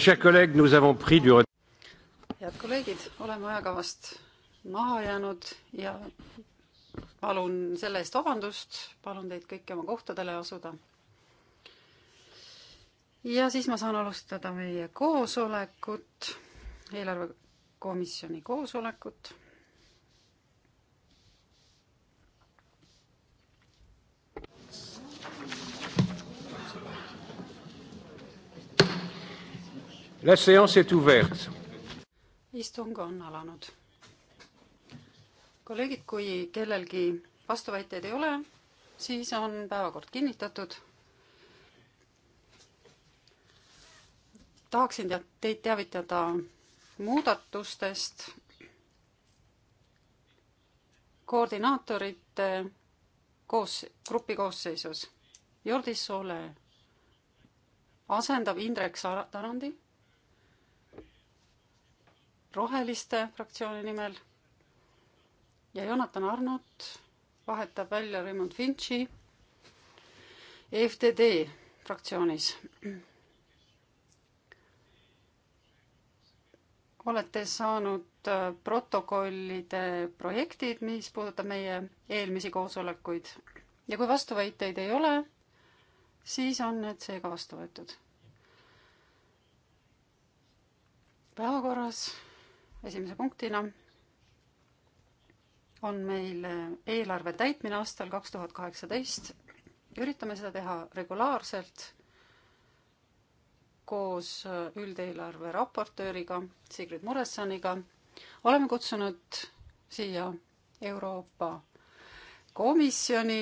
head kolleegid, oleme ajakavast maha jäänud ja palun selle eest vabandust, palun teid kõiki oma kohtadele asuda. ja siis ma saan alustada meie koosolekut, eelarvekomisjoni koosolekut La séance est ouverte. istung on alanud. kolleegid, kui kellelgi vastuväiteid ei ole, siis on päevakord kinnitatud. tahaksin teid teavitada muudatustest koordinaatorite koos, grupi koosseisus. Jordi Soole asendab Indrek Tarandi Roheliste fraktsiooni nimel ja Jonathan Arnot vahetab välja Raymond Finchi EFTD fraktsioonis. olete saanud äh, protokollide projektid, mis puudutab meie eelmisi koosolekuid ja kui vastuväiteid ei ole, siis on need seega vastu võetud. päevakorras esimese punktina on meil eelarve täitmine aastal kaks tuhat kaheksateist. üritame seda teha regulaarselt koos üldeelarve raportööriga Sigrid Muressaniga. oleme kutsunud siia Euroopa Komisjoni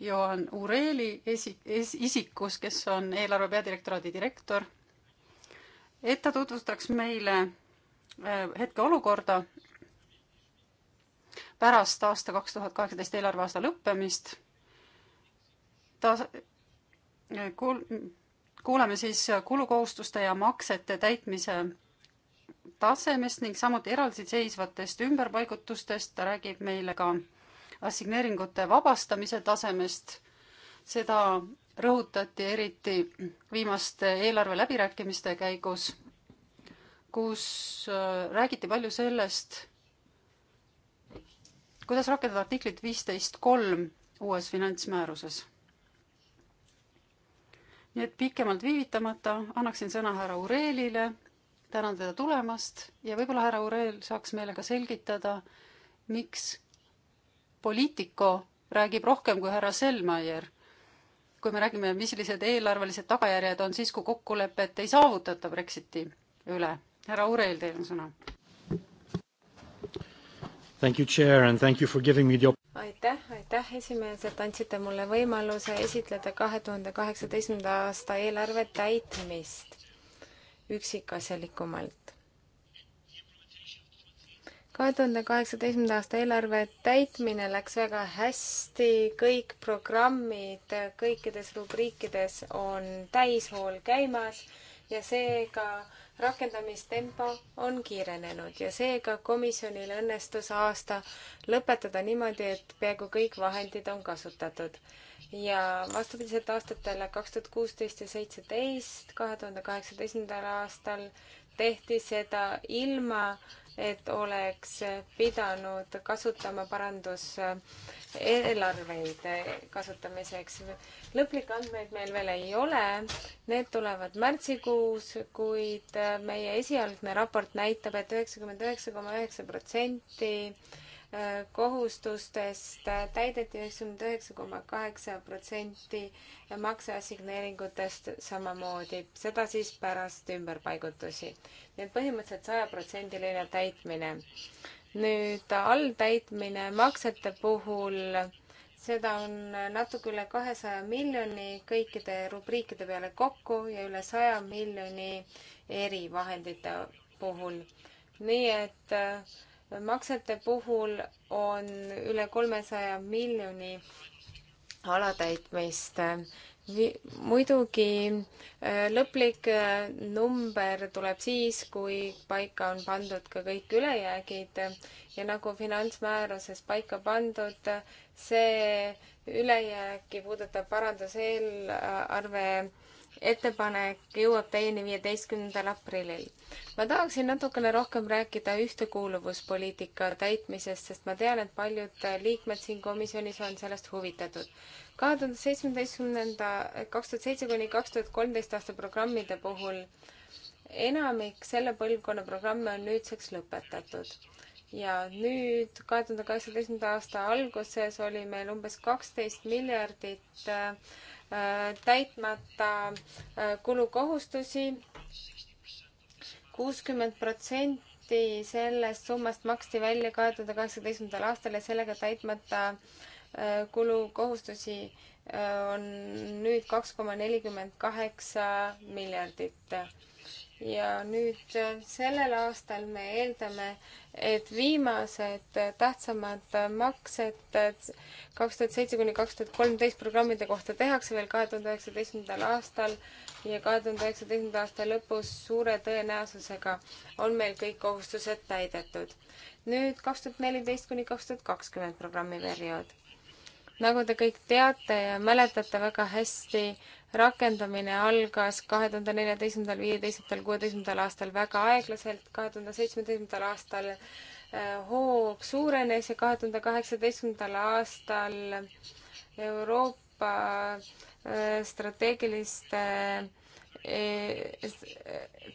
Johan Ureeli esi-, es-, isikus, kes on eelarve peadirektoraadi direktor, et ta tutvustaks meile Äh, hetkeolukorda pärast aasta kaks tuhat kaheksateist eelarveaasta lõppemist. ta, kuul-, kuuleme siis kulukohustuste ja maksete täitmise tasemest ning samuti eraldiseisvatest ümberpaigutustest, ta räägib meile ka assigneeringute vabastamise tasemest, seda rõhutati eriti viimaste eelarve läbirääkimiste käigus kus äh, räägiti palju sellest, kuidas rakendada artiklit viisteist kolm uues finantsmääruses. nii et pikemalt viivitamata annaksin sõna härra Urelile, tänan teda tulemast ja võib-olla härra Urel saaks meile ka selgitada, miks Politico räägib rohkem kui härra Selmaier kui me räägime, millised eelarvelised tagajärjed on siis, kui kokkulepet ei saavutata Brexiti üle härra Urel, teil on sõna. Thank you, chair and thank you for giving me the aitäh, aitäh esimees, et andsite mulle võimaluse esitleda kahe tuhande kaheksateistkümnenda aasta eelarve täitmist üksikasjalikumalt. kahe tuhande kaheksateistkümnenda aasta eelarve täitmine läks väga hästi, kõik programmid kõikides rubriikides on täishool käimas ja seega rakendamistempo on kiirenenud ja seega komisjonil õnnestus aasta lõpetada niimoodi, et peaaegu kõik vahendid on kasutatud. ja vastupidiselt aastatele kaks tuhat kuusteist ja seitseteist, kahe tuhande kaheksateistkümnendal aastal tehti seda ilma, et oleks pidanud kasutama paranduseelarveid kasutamiseks. lõplikke andmeid meil veel ei ole, need tulevad märtsikuus, kuid meie esialgne raport näitab et, et üheksakümmend üheksa koma üheksa protsenti kohustustest täideti üheksakümmend üheksa koma kaheksa protsenti makseassigneeringutest samamoodi, seda siis pärast ümberpaigutusi. nii et põhimõtteliselt sajaprotsendiline täitmine. nüüd alltäitmine maksete puhul seda on natuke üle kahesaja miljoni kõikide rubriikide peale kokku ja üle saja miljoni erivahendite puhul. nii et maksete puhul on üle kolmesaja miljoni alatäitmist. muidugi äh, lõplik äh, number tuleb siis, kui paika on pandud ka kõik ülejäägid ja nagu finantsmääruses paika pandud, see ülejääki puudutab paranduseelarve ettepanek jõuab teieni viieteistkümnendal aprillil. ma tahaksin natukene rohkem rääkida ühtekuuluvuspoliitika täitmisest, sest ma tean, et paljud liikmed siin komisjonis on sellest huvitatud. kahe tuhande seitsmeteistkümnenda, kaks tuhat seitse kuni kaks tuhat kolmteist aasta programmide puhul enamik selle põlvkonna programme on nüüdseks lõpetatud ja nüüd kahe tuhande kaheksateistkümnenda aasta alguses oli meil umbes kaksteist miljardit äh, täitmata äh, kulukohustusi. kuuskümmend protsenti sellest summast maksti välja kahe tuhande kaheksateistkümnendal aastal ja sellega täitmata äh, kulukohustusi äh, on nüüd kaks koma nelikümmend kaheksa miljardit ja nüüd äh, sellel aastal me eeldame, et viimased äh, tähtsamad äh, maksed kaks tuhat seitse kuni kaks tuhat kolmteist programmide kohta tehakse veel kahe tuhande üheksateistkümnendal aastal ja kahe tuhande üheksateistkümnenda aasta lõpus suure tõenäosusega on meil kõik kohustused täidetud. nüüd kaks tuhat neliteist kuni kaks tuhat kakskümmend programmi periood. nagu te kõik teate ja mäletate väga hästi, rakendamine algas kahe tuhande neljateistkümnendal, viieteistkümnendal, kuueteistkümnendal aastal väga aeglaselt, kahe tuhande seitsmeteistkümnendal aastal äh, hoog suurenes ja kahe tuhande kaheksateistkümnendal aastal Euroopa äh, strateegiliste äh,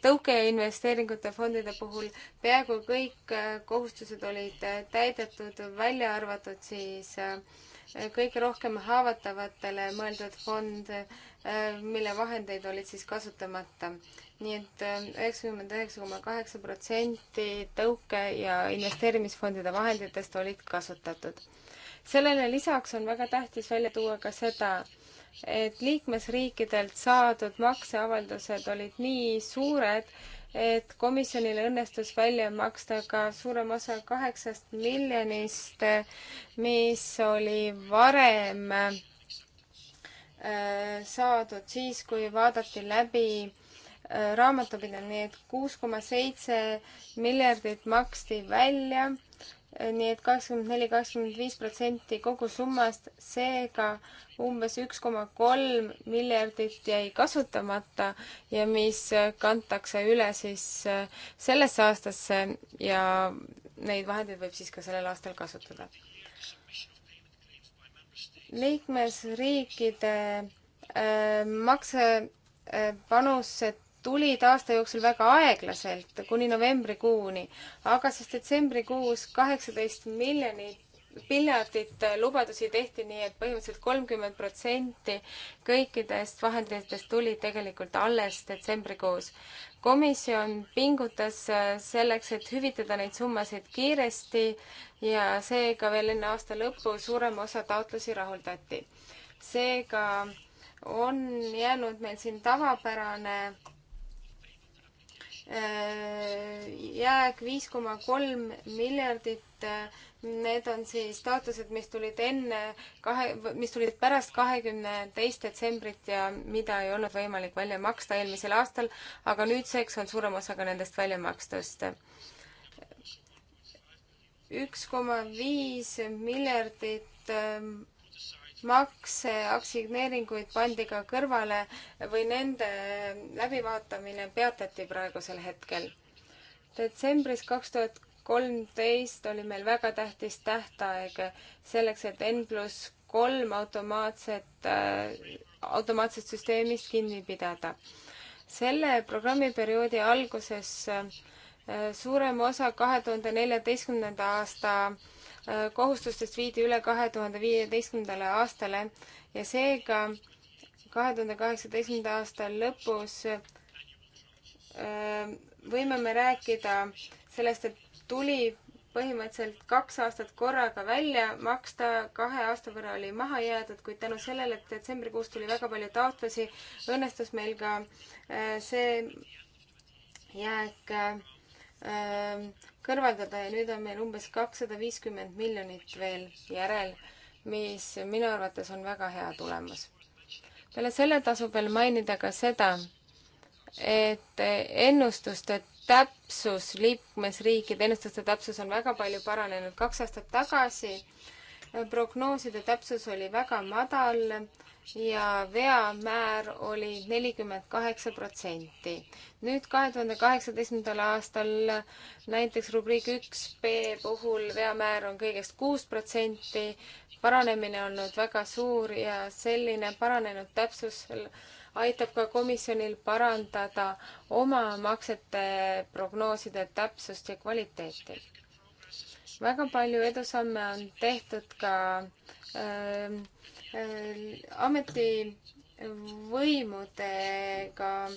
tõuke ja investeeringute fondide puhul peaaegu kõik kohustused olid täidetud, välja arvatud siis kõige rohkem haavatavatele mõeldud fond Äh, mille vahendeid olid siis kasutamata. nii et äh, üheksakümmend üheksa koma kaheksa protsenti tõuke- ja investeerimisfondide vahenditest olid kasutatud. sellele lisaks on väga tähtis välja tuua ka seda, et liikmesriikidelt saadud makseavaldused olid nii suured, et komisjonil õnnestus välja maksta ka suurem osa kaheksast miljonist, mis oli varem Äh, saadud siis, kui vaadati läbi äh, raamatupidamine, nii et kuus koma seitse miljardit maksti välja, äh, nii et kakskümmend neli, kakskümmend viis protsenti kogu summast, seega umbes üks koma kolm miljardit jäi kasutamata ja mis kantakse üle siis sellesse aastasse ja neid vahendeid võib siis ka sellel aastal kasutada liikmesriikide äh, maksepanused äh, tulid aasta jooksul väga aeglaselt, kuni novembrikuuni, aga siis detsembrikuus kaheksateist miljonit miljardit lubadusi tehti nii, et põhimõtteliselt kolmkümmend protsenti kõikidest vahenditest tuli tegelikult alles detsembrikuus komisjon pingutas äh, selleks, et hüvitada neid summasid kiiresti ja seega veel enne aasta lõppu suurem osa taotlusi rahuldati. seega on jäänud meil siin tavapärane äh, jääk viis koma kolm miljardit äh, Need on siis taotlused, mis tulid enne kahe, mis tulid pärast kahekümne teist detsembrit ja mida ei olnud võimalik välja maksta eelmisel aastal, aga nüüdseks on suurem osa ka nendest välja makstust. üks koma viis miljardit ähm, makse, aksigneeringuid pandi ka kõrvale või nende läbivaatamine peatati praegusel hetkel. detsembris kaks tuhat kolmteist oli meil väga tähtis tähtaeg selleks, et N pluss kolm automaatset, äh, automaatsest süsteemist kinni pidada. selle programmiperioodi alguses äh, suurem osa kahe tuhande neljateistkümnenda aasta äh, kohustustest viidi üle kahe tuhande viieteistkümnendale aastale ja seega kahe tuhande kaheksateistkümnenda aasta lõpus võime me rääkida sellest, et tuli põhimõtteliselt kaks aastat korraga välja maksta, kahe aasta võrra oli maha jäädud, kuid tänu sellele, et detsembrikuus tuli väga palju taotlusi, õnnestus meil ka äh, see jääk äh, kõrvaldada ja nüüd on meil umbes kakssada viiskümmend miljonit veel järel, mis minu arvates on väga hea tulemus. peale selle tasub veel mainida ka seda, et ennustust, et täpsus, liikmesriikide ennustuste täpsus on väga palju paranenud. kaks aastat tagasi prognooside täpsus oli väga madal ja veamäär oli nelikümmend kaheksa protsenti. nüüd kahe tuhande kaheksateistkümnendal aastal näiteks rubriik üks B puhul veamäär on kõigest kuus protsenti, paranemine olnud väga suur ja selline paranenud täpsus aitab ka komisjonil parandada oma maksete prognooside täpsust ja kvaliteeti. väga palju edusamme on tehtud ka äh, äh, ametivõimudega äh,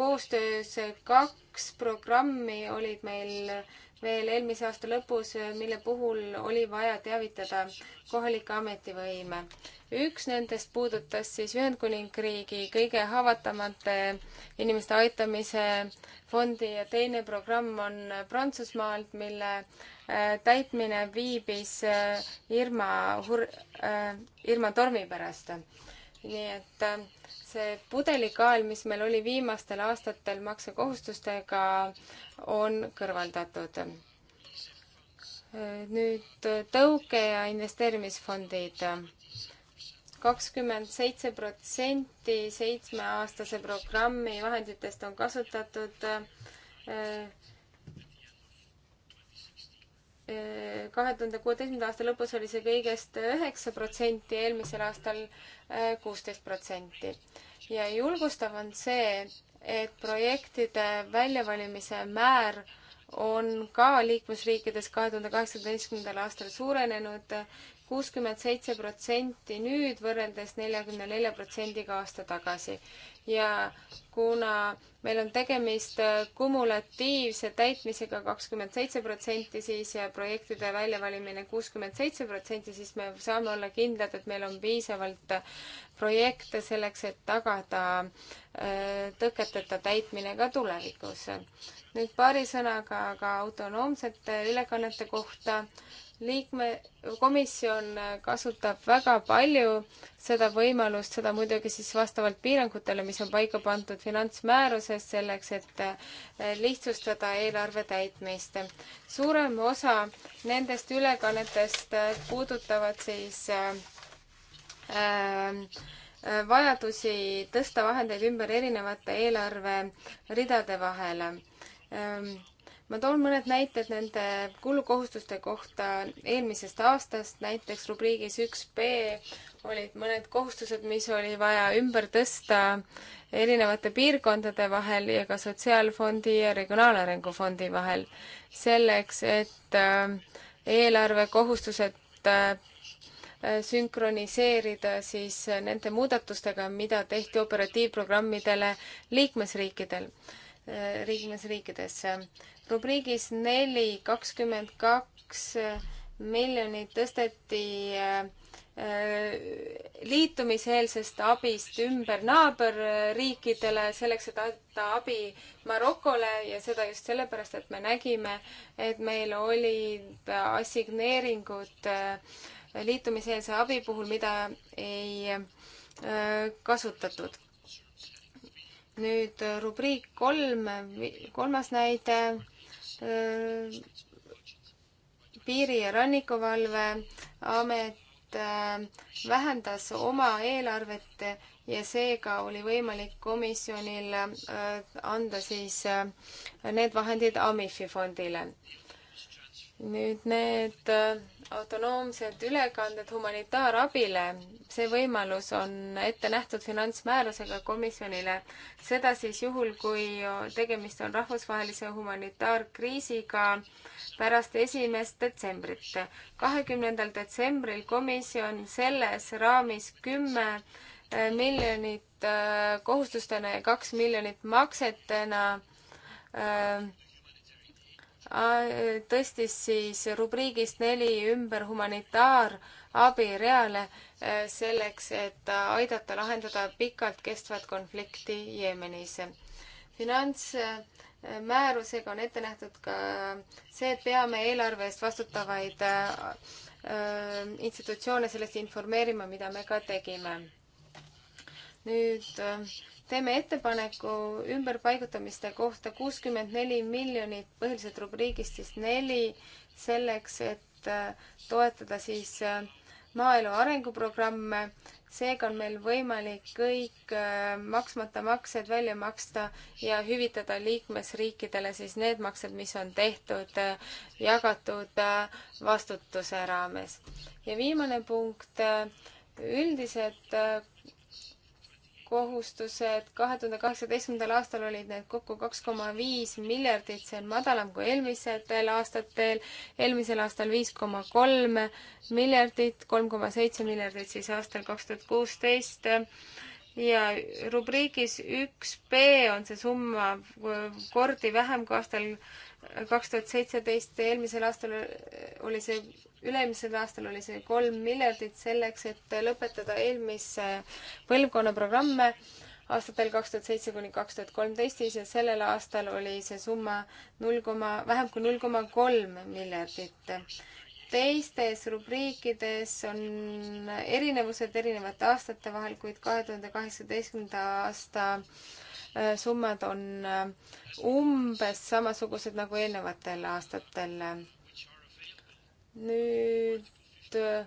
koostöös kaks programmi olid meil veel eelmise aasta lõpus, mille puhul oli vaja teavitada kohalikke ametivõime. üks nendest puudutas siis Ühendkuningriigi kõige haavatavamate inimeste aitamise fondi ja teine programm on Prantsusmaalt, mille äh, täitmine viibis äh, Irma, äh, Irma tormi pärast. nii et see pudelikael, mis meil oli viimastel aastatel maksekohustustega, on kõrvaldatud. nüüd tõuke- ja investeerimisfondid. kakskümmend seitse protsenti seitsmeaastase programmi vahenditest on kasutatud kahe tuhande kuueteistkümnenda aasta lõpus oli see kõigest üheksa protsenti, eelmisel aastal äh, kuusteist protsenti. ja julgustav on see, et projektide väljavalimise määr on ka liikmesriikides kahe tuhande kaheksateistkümnendal aastal suurenenud kuuskümmend seitse protsenti nüüd võrreldes neljakümne nelja protsendiga aasta tagasi ja kuna meil on tegemist äh, kumulatiivse täitmisega kakskümmend seitse protsenti siis ja projektide väljavalimine kuuskümmend seitse protsenti, siis me saame olla kindlad, et meil on piisavalt äh, projekte selleks, et tagada äh, tõketeta täitmine ka tulevikus. nüüd paari sõnaga ka autonoomsete ülekannete kohta liikme, komisjon kasutab väga palju seda võimalust, seda muidugi siis vastavalt piirangutele, mis on paika pandud finantsmääruses selleks, et eh, lihtsustada eelarve täitmist. suurem osa nendest ülekannetest puudutavad siis äh, vajadusi tõsta vahendeid ümber erinevate eelarveridade vahele ähm, ma toon mõned näited nende kulukohustuste kohta eelmisest aastast, näiteks rubriigis üks B olid mõned kohustused, mis oli vaja ümber tõsta erinevate piirkondade vahel ja ka Sotsiaalfondi ja Regionaalarengu Fondi vahel, selleks et äh, eelarvekohustused äh, sünkroniseerida siis nende muudatustega, mida tehti operatiivprogrammidele liikmesriikidel, äh, liikmesriikides rubriigis neli kakskümmend kaks eh, miljonit tõsteti eh, eh, liitumiseelsest abist ümber naaberriikidele selleks, et anda abi Marokole ja seda just sellepärast, et me nägime, et meil olid assigneeringud liitumiseelse abi puhul, mida ei kasutatud. nüüd rubriik kolm, kolmas näide Äh, piiri- ja rannikuvalveamet äh, vähendas oma eelarvet ja seega oli võimalik komisjonil äh, anda siis need vahendid Amifi fondile nüüd need äh, autonoomsed ülekanded humanitaarabile, see võimalus on ette nähtud finantsmäärusega komisjonile. seda siis juhul, kui tegemist on rahvusvahelise humanitaarkriisiga pärast esimest detsembrit. kahekümnendal detsembril komisjon selles raamis kümme äh, miljonit äh, kohustustena ja kaks miljonit maksetena äh, Äh, tõstis siis rubriigist neli ümber humanitaarabi reale äh, selleks, et äh, aidata lahendada pikalt kestvat konflikti Jeemenis. finantsmäärusega on ette nähtud ka see, et peame eelarve eest vastutavaid institutsioone sellest informeerima, mida me ka tegime nüüd äh, teeme ettepaneku ümberpaigutamiste kohta kuuskümmend neli miljonit, põhiliselt rubriigist siis neli, selleks, et äh, toetada siis äh, maaelu arenguprogramme. seega on meil võimalik kõik maksmata maksed välja maksta ja hüvitada liikmesriikidele siis need maksed, mis on tehtud jagatud vastutuse raames. ja viimane punkt, üldised kohustused, kahe tuhande kaheksateistkümnendal aastal olid need kokku kaks koma viis miljardit, see on madalam kui eelmistel aastatel, eelmisel aastal viis koma kolm miljardit, kolm koma seitse miljardit siis aastal kaks tuhat kuusteist ja rubriigis üks B on see summa kordi vähem kui aastal kaks tuhat seitseteist, eelmisel aastal oli see, üle-eelmisel aastal oli see kolm miljardit selleks, et lõpetada eelmise põlvkonna programme aastatel kaks tuhat seitse kuni kaks tuhat kolmteist ja sellel aastal oli see summa null koma, vähem kui null koma kolm miljardit. teistes rubriikides on erinevused erinevate aastate vahel, kuid kahe tuhande kaheksateistkümnenda aasta äh, Äh, summad on äh, umbes samasugused nagu eelnevatel aastatel. nüüd äh,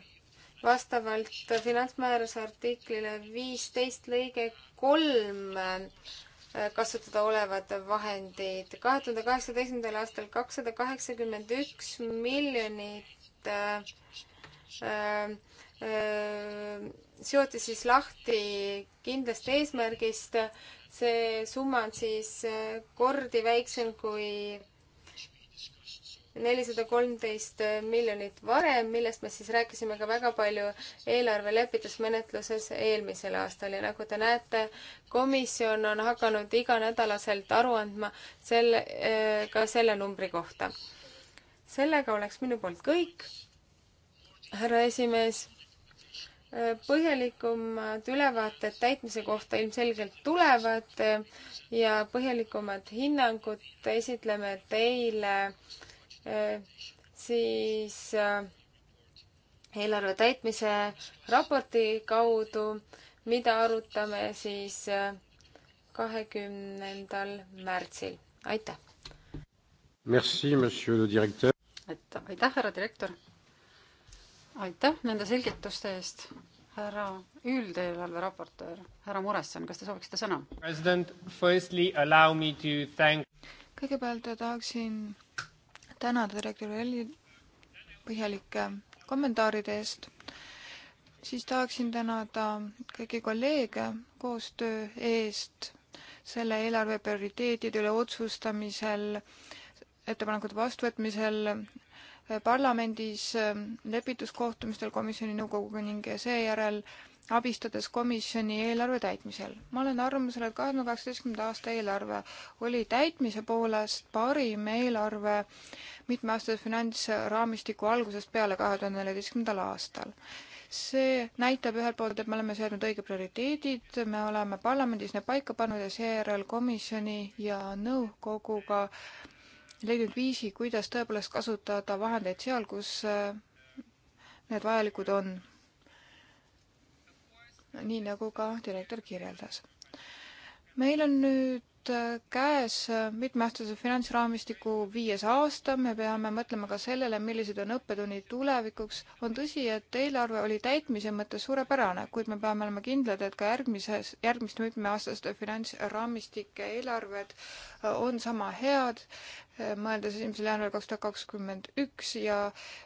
vastavalt finantsmääruse artiklile viisteist lõige kolm kasutada olevad vahendid. kahe tuhande kaheksateistkümnendal aastal kakssada kaheksakümmend üks miljonit äh, äh, seoti siis lahti kindlast eesmärgist see summa on siis eh, kordi väiksem kui nelisada kolmteist miljonit varem, millest me siis rääkisime ka väga palju eelarvelepitusmenetluses eelmisel aastal ja nagu te näete, komisjon on hakanud iganädalaselt aru andma selle, eh, ka selle numbri kohta. sellega oleks minu poolt kõik, härra esimees põhjalikumad ülevaated täitmise kohta ilmselgelt tulevad ja põhjalikumad hinnangud esitleme teile eh, siis eh, eelarve täitmise raporti kaudu, mida arutame siis eh, kahekümnendal märtsil. aitäh! Merci, monsieur le directeur! et aitäh, härra direktor! aitäh nende selgituste eest, härra üldeelarve raportöör, härra Muresson, kas te sooviksite sõna? Thank... kõigepealt tahaksin tänada direktor Elli põhjalike kommentaaride eest, siis tahaksin tänada kõiki kolleege koostöö eest selle eelarve prioriteetide üle otsustamisel, ettepanekute vastuvõtmisel, parlamendis ähm, lepituskohtumistel komisjoni nõukoguga ning seejärel abistades komisjoni eelarve täitmisel. ma olen arvamusel, et kahe tuhande kaheksateistkümnenda aasta eelarve oli täitmise poolest parim eelarve mitmeaastase finantsraamistiku algusest peale kahe tuhande neljateistkümnendal aastal. see näitab ühelt poolt, et me oleme seadnud õige prioriteedid, me oleme parlamendis need paika pannud ja seejärel komisjoni ja nõukoguga leidnud viisi, kuidas tõepoolest kasutada vahendeid seal, kus äh, need vajalikud on. nii nagu ka direktor kirjeldas. meil on nüüd nüüd äh, käes äh, mitmeaastase finantsraamistiku viies aasta, me peame mõtlema ka sellele, millised on õppetunnid tulevikuks. on tõsi, et eelarve oli täitmise mõttes suurepärane, kuid me peame olema kindlad, et ka järgmises, järgmiste mitmeaastaste finantsraamistike eelarved äh, on sama head, mõeldes esimesel jaanuaril kaks tuhat kakskümmend üks ja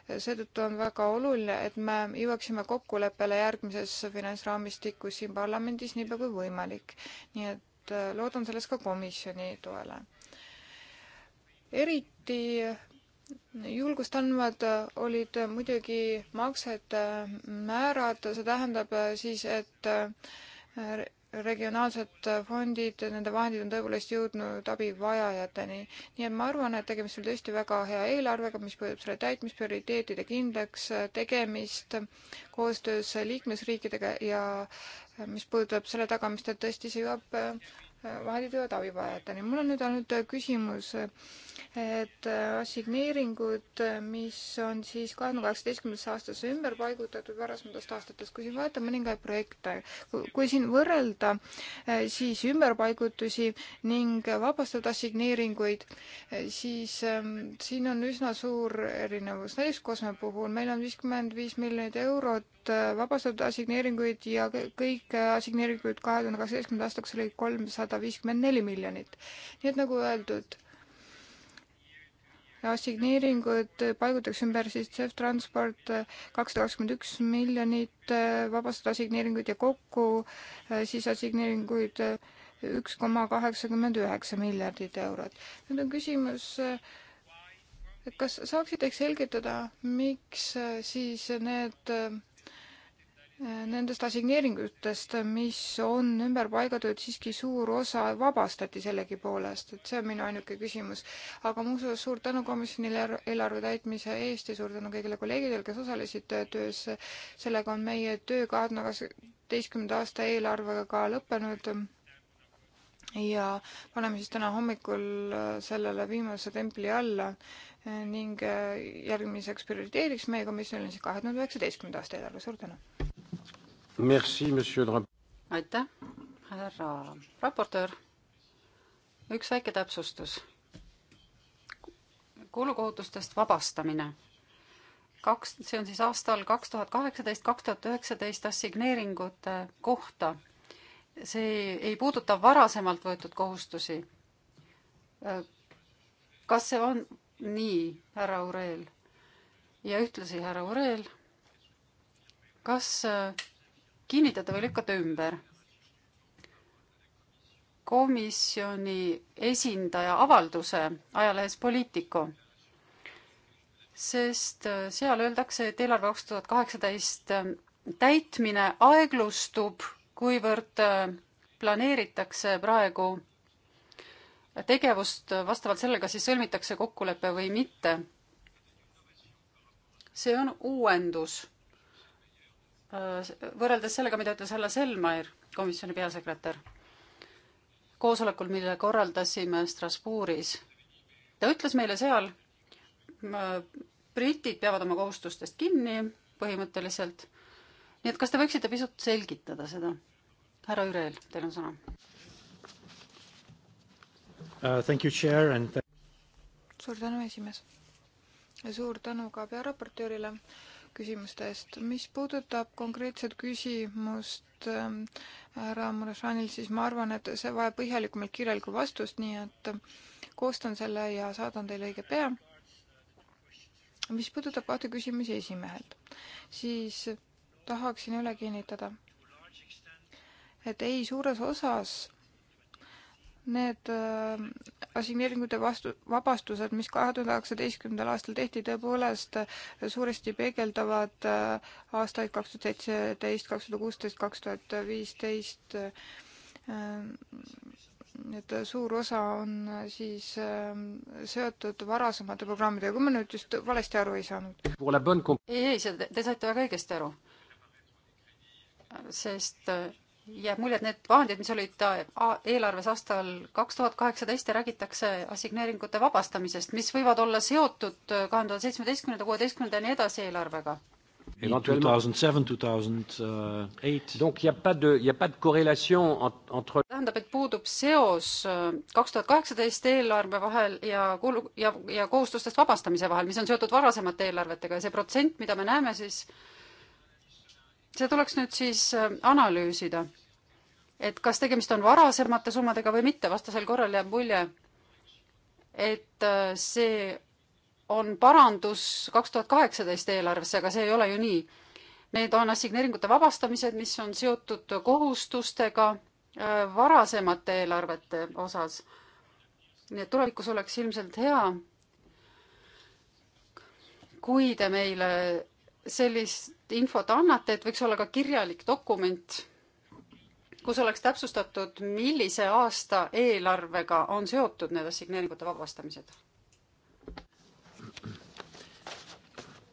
seetõttu on väga oluline, et me jõuaksime kokkuleppele järgmises finantsraamistikus siin parlamendis niipea kui võimalik. nii et Äh, loodan selles ka komisjoni toele. eriti julgust andvad äh, olid muidugi maksete äh, määrad, see tähendab siis, et regionaalsed fondid, nende vahendid on tõepoolest jõudnud abivajajateni. nii et ma arvan, et tegemist oli tõesti väga hea eelarvega, mis puudutab selle täitmist, prioriteetide kindlaks tegemist koostöös liikmesriikidega ja mis puudutab selle tagamist, et tõesti see jõuab vahendid jõuavad abivajajateni. mul on nüüd ainult küsimus, et äh, assigneeringud, mis on siis kahe tuhande kaheksateistkümnendasse aastasse ümber paigutatud varasematest aastatest, kui siin vaadata mõningaid projekte, kui siin võrrelda äh, siis ümberpaigutusi ning vabastatud assigneeringuid, äh, siis ähm, siin on üsna suur erinevus. näiteks Kosme puhul meil on viiskümmend viis miljonit eurot poolt äh, vabastatud assigneeringuid ja kõik äh, assigneeringuid kahe tuhande kaheksateistkümnenda aastaks oli kolmsada viiskümmend neli miljonit. nii et nagu öeldud, assigneeringud äh, paigutatakse ümber siis CEF Transport kakssada kakskümmend üks miljonit vabastatud assigneeringuid ja kokku siis assigneeringuid üks koma kaheksakümmend üheksa miljardit eurot. nüüd on küsimus, et kas saaksite selgitada, miks siis need nendest assigneeringutest, mis on ümber paigatud, siiski suur osa vabastati sellegi poolest, et see on minu ainuke küsimus. aga muus osas suur tänu komisjonile eelarve täitmise eest ja suur tänu kõigile kolleegidele, kes osalesid töös. sellega on meie töö kahe tuhande kaheksateistkümnenda aasta eelarvega ka lõppenud. ja paneme siis täna hommikul sellele viimase templi alla ning järgmiseks prioriteediks meie komisjonile siis kahe tuhande üheksateistkümnenda aasta eelarve. suur tänu! aitäh, härra raportöör. üks väike täpsustus. kulukohutustest vabastamine. kaks, see on siis aastal kaks tuhat kaheksateist, kaks tuhat üheksateist assigneeringute kohta. see ei puuduta varasemalt võetud kohustusi. kas see on nii, härra Ureel? ja ühtlasi, härra Ureel, kas äh, kinnitate või lükkate ümber. komisjoni esindaja avalduse ajalehes Politico, sest äh, seal öeldakse, et eelarve kaks tuhat kaheksateist äh, täitmine aeglustub, kuivõrd äh, planeeritakse praegu tegevust vastavalt sellele, kas siis sõlmitakse kokkulepe või mitte. see on uuendus Äh, võrreldes sellega, mida ütles härra Selmair, komisjoni peasekretär, koosolekul, mille korraldasime Strasbourgis, ta ütles meile seal, britid peavad oma kohustustest kinni põhimõtteliselt. nii et kas te võiksite pisut selgitada seda? härra Jürel, teil on sõna uh,. Thank you, chair and. suur tänu, esimees. ja suur tänu ka pearaportöörile küsimuste eest. mis puudutab konkreetset küsimust ähm, härra Murashanil, siis ma arvan, et see vajab põhjalikumalt kirjalikku vastust, nii et äh, koostan selle ja saadan teile õige pea. mis puudutab kahte küsimusi esimehelt, siis tahaksin üle kinnitada, et ei, suures osas need äh, assigneeringute vastu, vabastused, mis kahe tuhande kaheksateistkümnendal aastal tehti, tõepoolest äh, suuresti peegeldavad äh, aastaid kaks tuhat seitseteist, kaks tuhat kuusteist, kaks tuhat viisteist. Äh, et suur osa on siis seotud varasemate programmidega, kui ma nüüd just valesti aru ei saanud. ei, ei, te saite väga õigesti aru. sest jääb mulje, et need vahendid, mis olid äh, eelarves aastal kaks tuhat kaheksateist ja räägitakse assigneeringute vabastamisest, mis võivad olla seotud äh, kahe tuhande seitsmeteistkümnenda, kuueteistkümnenda ja nii edasi eelarvega. tähendab, et puudub seos äh, kaks tuhat kaheksateist eelarve vahel ja kulu- ja, ja kohustustest vabastamise vahel, mis on seotud varasemate eelarvetega ja see protsent, mida me näeme siis see tuleks nüüd siis äh, analüüsida, et kas tegemist on varasemate summadega või mitte, vastasel korral jääb mulje, et äh, see on parandus kaks tuhat kaheksateist eelarvesse, aga see ei ole ju nii. Need on assigneeringute vabastamised, mis on seotud kohustustega äh, varasemate eelarvete osas. nii et tulevikus oleks ilmselt hea, kui te meile sellist infot annate, et võiks olla ka kirjalik dokument, kus oleks täpsustatud, millise aasta eelarvega on seotud need assigneeringute vabastamised?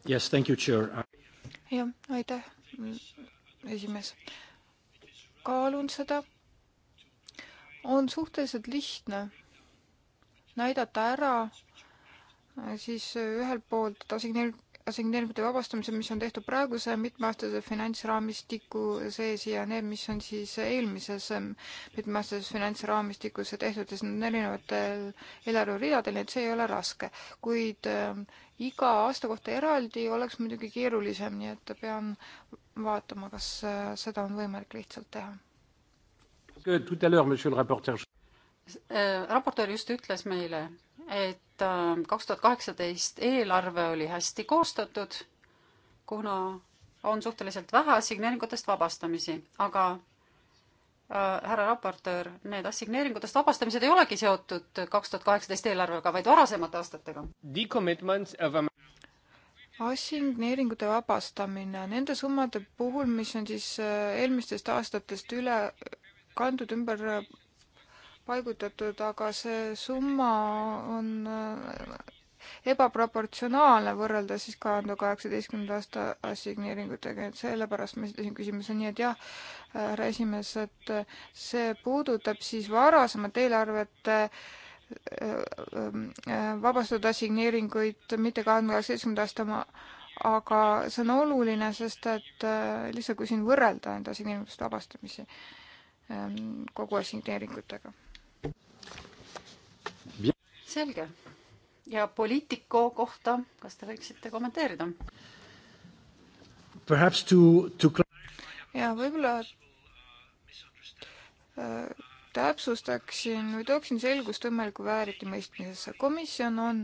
Yes, thank you, Chair. jah, aitäh, esimees. kaalun seda. on suhteliselt lihtne näidata ära äh, siis äh, ühelt poolt assigneeritud assigneeringute vabastamise, mis on tehtud praeguse mitmeaastase finantsraamistiku sees ja need, mis on siis eelmises mitmeaastases finantsraamistikus tehtud, sest need on erinevatel eelarveridadel, nii et see ei ole raske. kuid äh, iga aasta kohta eraldi oleks muidugi keerulisem, nii et pean vaatama, kas äh, seda on võimalik lihtsalt teha. Äh, raportöör just ütles meile, et äh, kaks tuhat kaheksateist eelarve oli hästi koostatud, kuna on suhteliselt vähe signeeringutest vabastamisi, aga äh, härra raportöör, need assigneeringutest vabastamised ei olegi seotud kaks tuhat kaheksateist eelarvega, vaid varasemate aastatega. assigneeringute vabastamine nende summade puhul, mis on siis äh, eelmistest aastatest üle kantud ümber paigutatud, aga see summa on äh, ebaproportsionaalne võrrelda siis kahe tuhande kaheksateistkümnenda aasta assigneeringutega, et sellepärast ma esitasin küsimuse, nii et jah, härra esimees, et äh, see puudutab siis varasemat eelarvet äh, vabastatud assigneeringuid, mitte kahe tuhande kaheksateistkümnenda aasta oma, aga see on oluline, sest et lihtsalt kui siin võrrelda enda assigneeringutest vabastamisi ähm, kogu assigneeringutega selge. ja Politico kohta, kas te võiksite kommenteerida? To... ja võib-olla äh, täpsustaksin või tooksin selgust võimaliku vääritimõistmisesse. komisjon on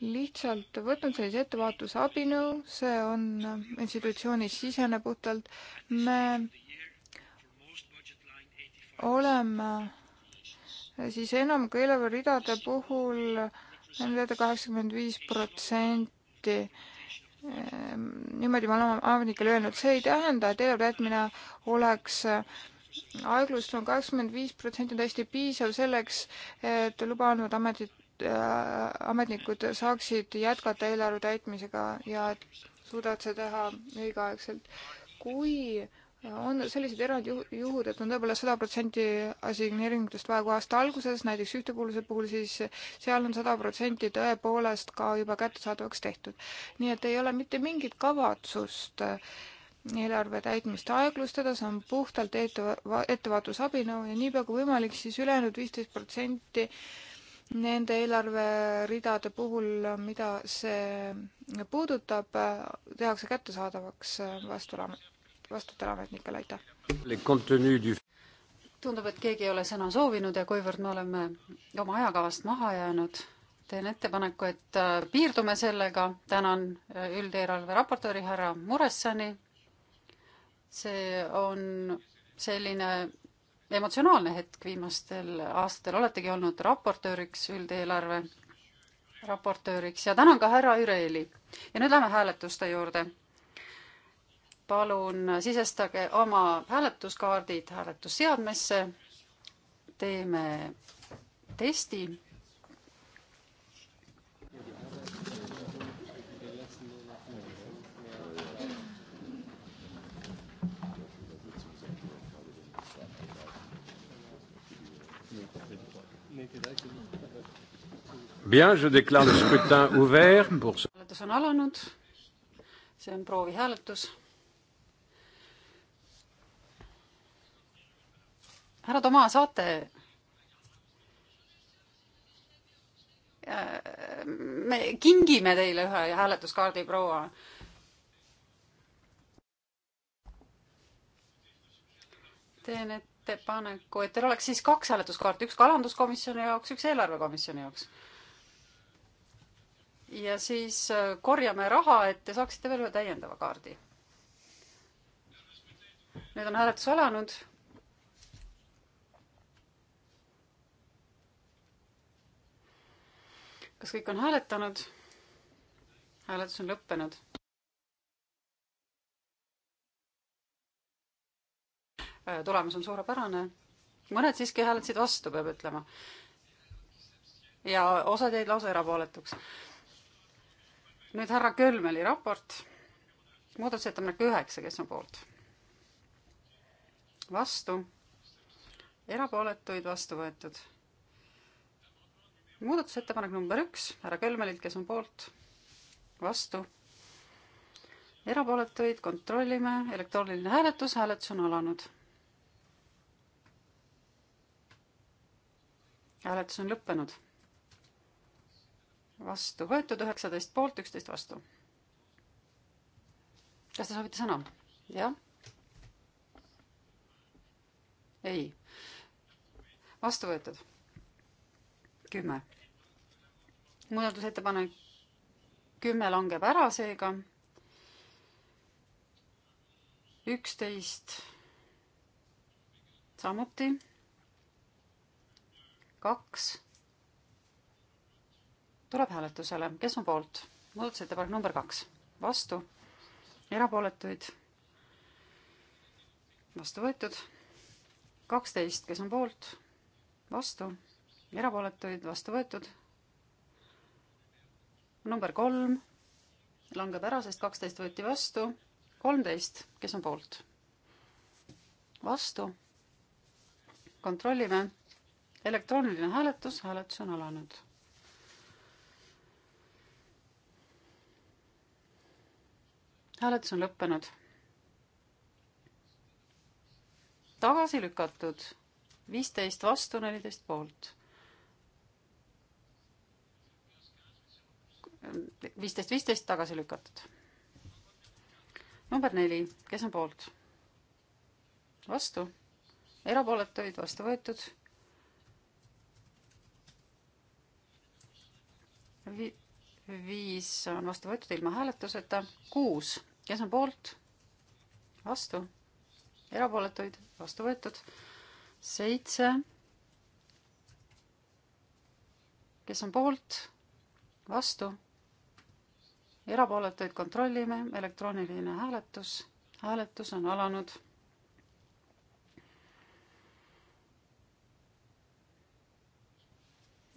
lihtsalt võtnud sellise ettevaatuse abinõu, see on institutsiooni sisene puhtalt. me oleme siis enam kui eelarveridade puhul on teada kaheksakümmend viis protsenti. Ehm, niimoodi ma olen ametnikele öelnud, see ei tähenda, et eelarve jätmine oleks äh, aeglustunud, kaheksakümmend viis protsenti on täiesti piisav selleks, et luba andvad ametid, äh, ametnikud saaksid jätkata eelarve täitmisega ja suudavad seda teha õigeaegselt. kui on sellised erandjuhud, et on tõepoolest sada protsenti assigneeringutest vaja kohe aasta alguses, näiteks ühtekuuluvuse puhul siis seal on sada protsenti tõepoolest ka juba kättesaadavaks tehtud. nii et ei ole mitte mingit kavatsust eelarve täitmist aeglustada, see on puhtalt ettevaatusabinõu ja niipea kui võimalik, siis ülejäänud viisteist protsenti nende eelarveridade puhul, mida see puudutab, tehakse kättesaadavaks vastu raamat vastutele ametnikele, aitäh! tundub, et keegi ei ole sõna soovinud ja kuivõrd me oleme oma ajakavast maha jäänud, teen ettepaneku, et äh, piirdume sellega. tänan äh, üldeelarve raportööri härra Muressani. see on selline emotsionaalne hetk viimastel aastatel, oletegi olnud raportööriks, üldeelarve raportööriks ja tänan ka härra Jüreeli. ja nüüd läheme hääletuste juurde palun sisestage oma hääletuskaardid hääletusseadmesse. teeme testi. Bien, je déclare le scrutin ouvert pour ce. hääletus on alanud. see on proovihääletus härra Toma, saate äh, me kingime teile ühe hääletuskaardi, proua. teen ettepaneku, et teil oleks siis kaks hääletuskaarti, üks kalanduskomisjoni jaoks, üks eelarvekomisjoni jaoks. ja siis äh, korjame raha, et te saaksite veel ühe täiendava kaardi. nüüd on hääletus alanud kas kõik on hääletanud? hääletus on lõppenud. Äh, tulemus on suurepärane. mõned siiski hääletasid vastu, peab ütlema. ja osad jäid lausa erapooletuks. nüüd härra Kölmeli raport. muudatusettepanek üheksa, kes on poolt? vastu. erapooletuid vastu võetud muudatusettepanek number üks härra Kölmelilt, kes on poolt, vastu, erapooletuid kontrollime, elektrooniline hääletus, hääletus on alanud. hääletus on lõppenud. vastu võetud üheksateist poolt, üksteist vastu. kas te soovite sõna? jah? ei. vastu võetud kümme. muudatusettepanek kümme langeb ära, seega üksteist samuti, kaks tuleb hääletusele, kes on poolt? muudatusettepanek number kaks, vastu, erapooletuid, vastu võetud, kaksteist, kes on poolt, vastu erapooletuid vastu võetud. number kolm langeb ära, sest kaksteist võeti vastu. kolmteist, kes on poolt? vastu. kontrollime. elektrooniline hääletus, hääletus on alanud. hääletus on lõppenud. tagasi lükatud, viisteist vastu, neliteist poolt viisteist, viisteist tagasi lükatud. number neli, kes on poolt? vastu, erapooletuid vastu võetud. Vi-, viis on vastu võetud ilma hääletuseta, kuus, kes on poolt? vastu, erapooletuid vastu võetud, seitse, kes on poolt? vastu erapooletuid kontrollime, elektrooniline hääletus, hääletus on alanud.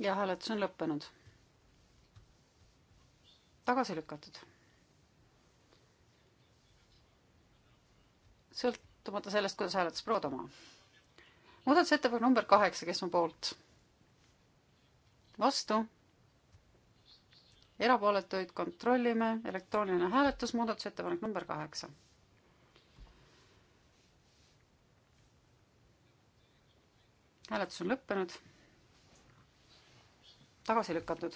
ja hääletus on lõppenud. tagasi lükatud. sõltumata sellest, kuidas hääletas Proodomaa. muudatusettepanek number kaheksa, kes on poolt? vastu erapooletuid kontrollime, elektrooniline hääletus, muudatusettepanek number kaheksa. hääletus on lõppenud. tagasi lükatud.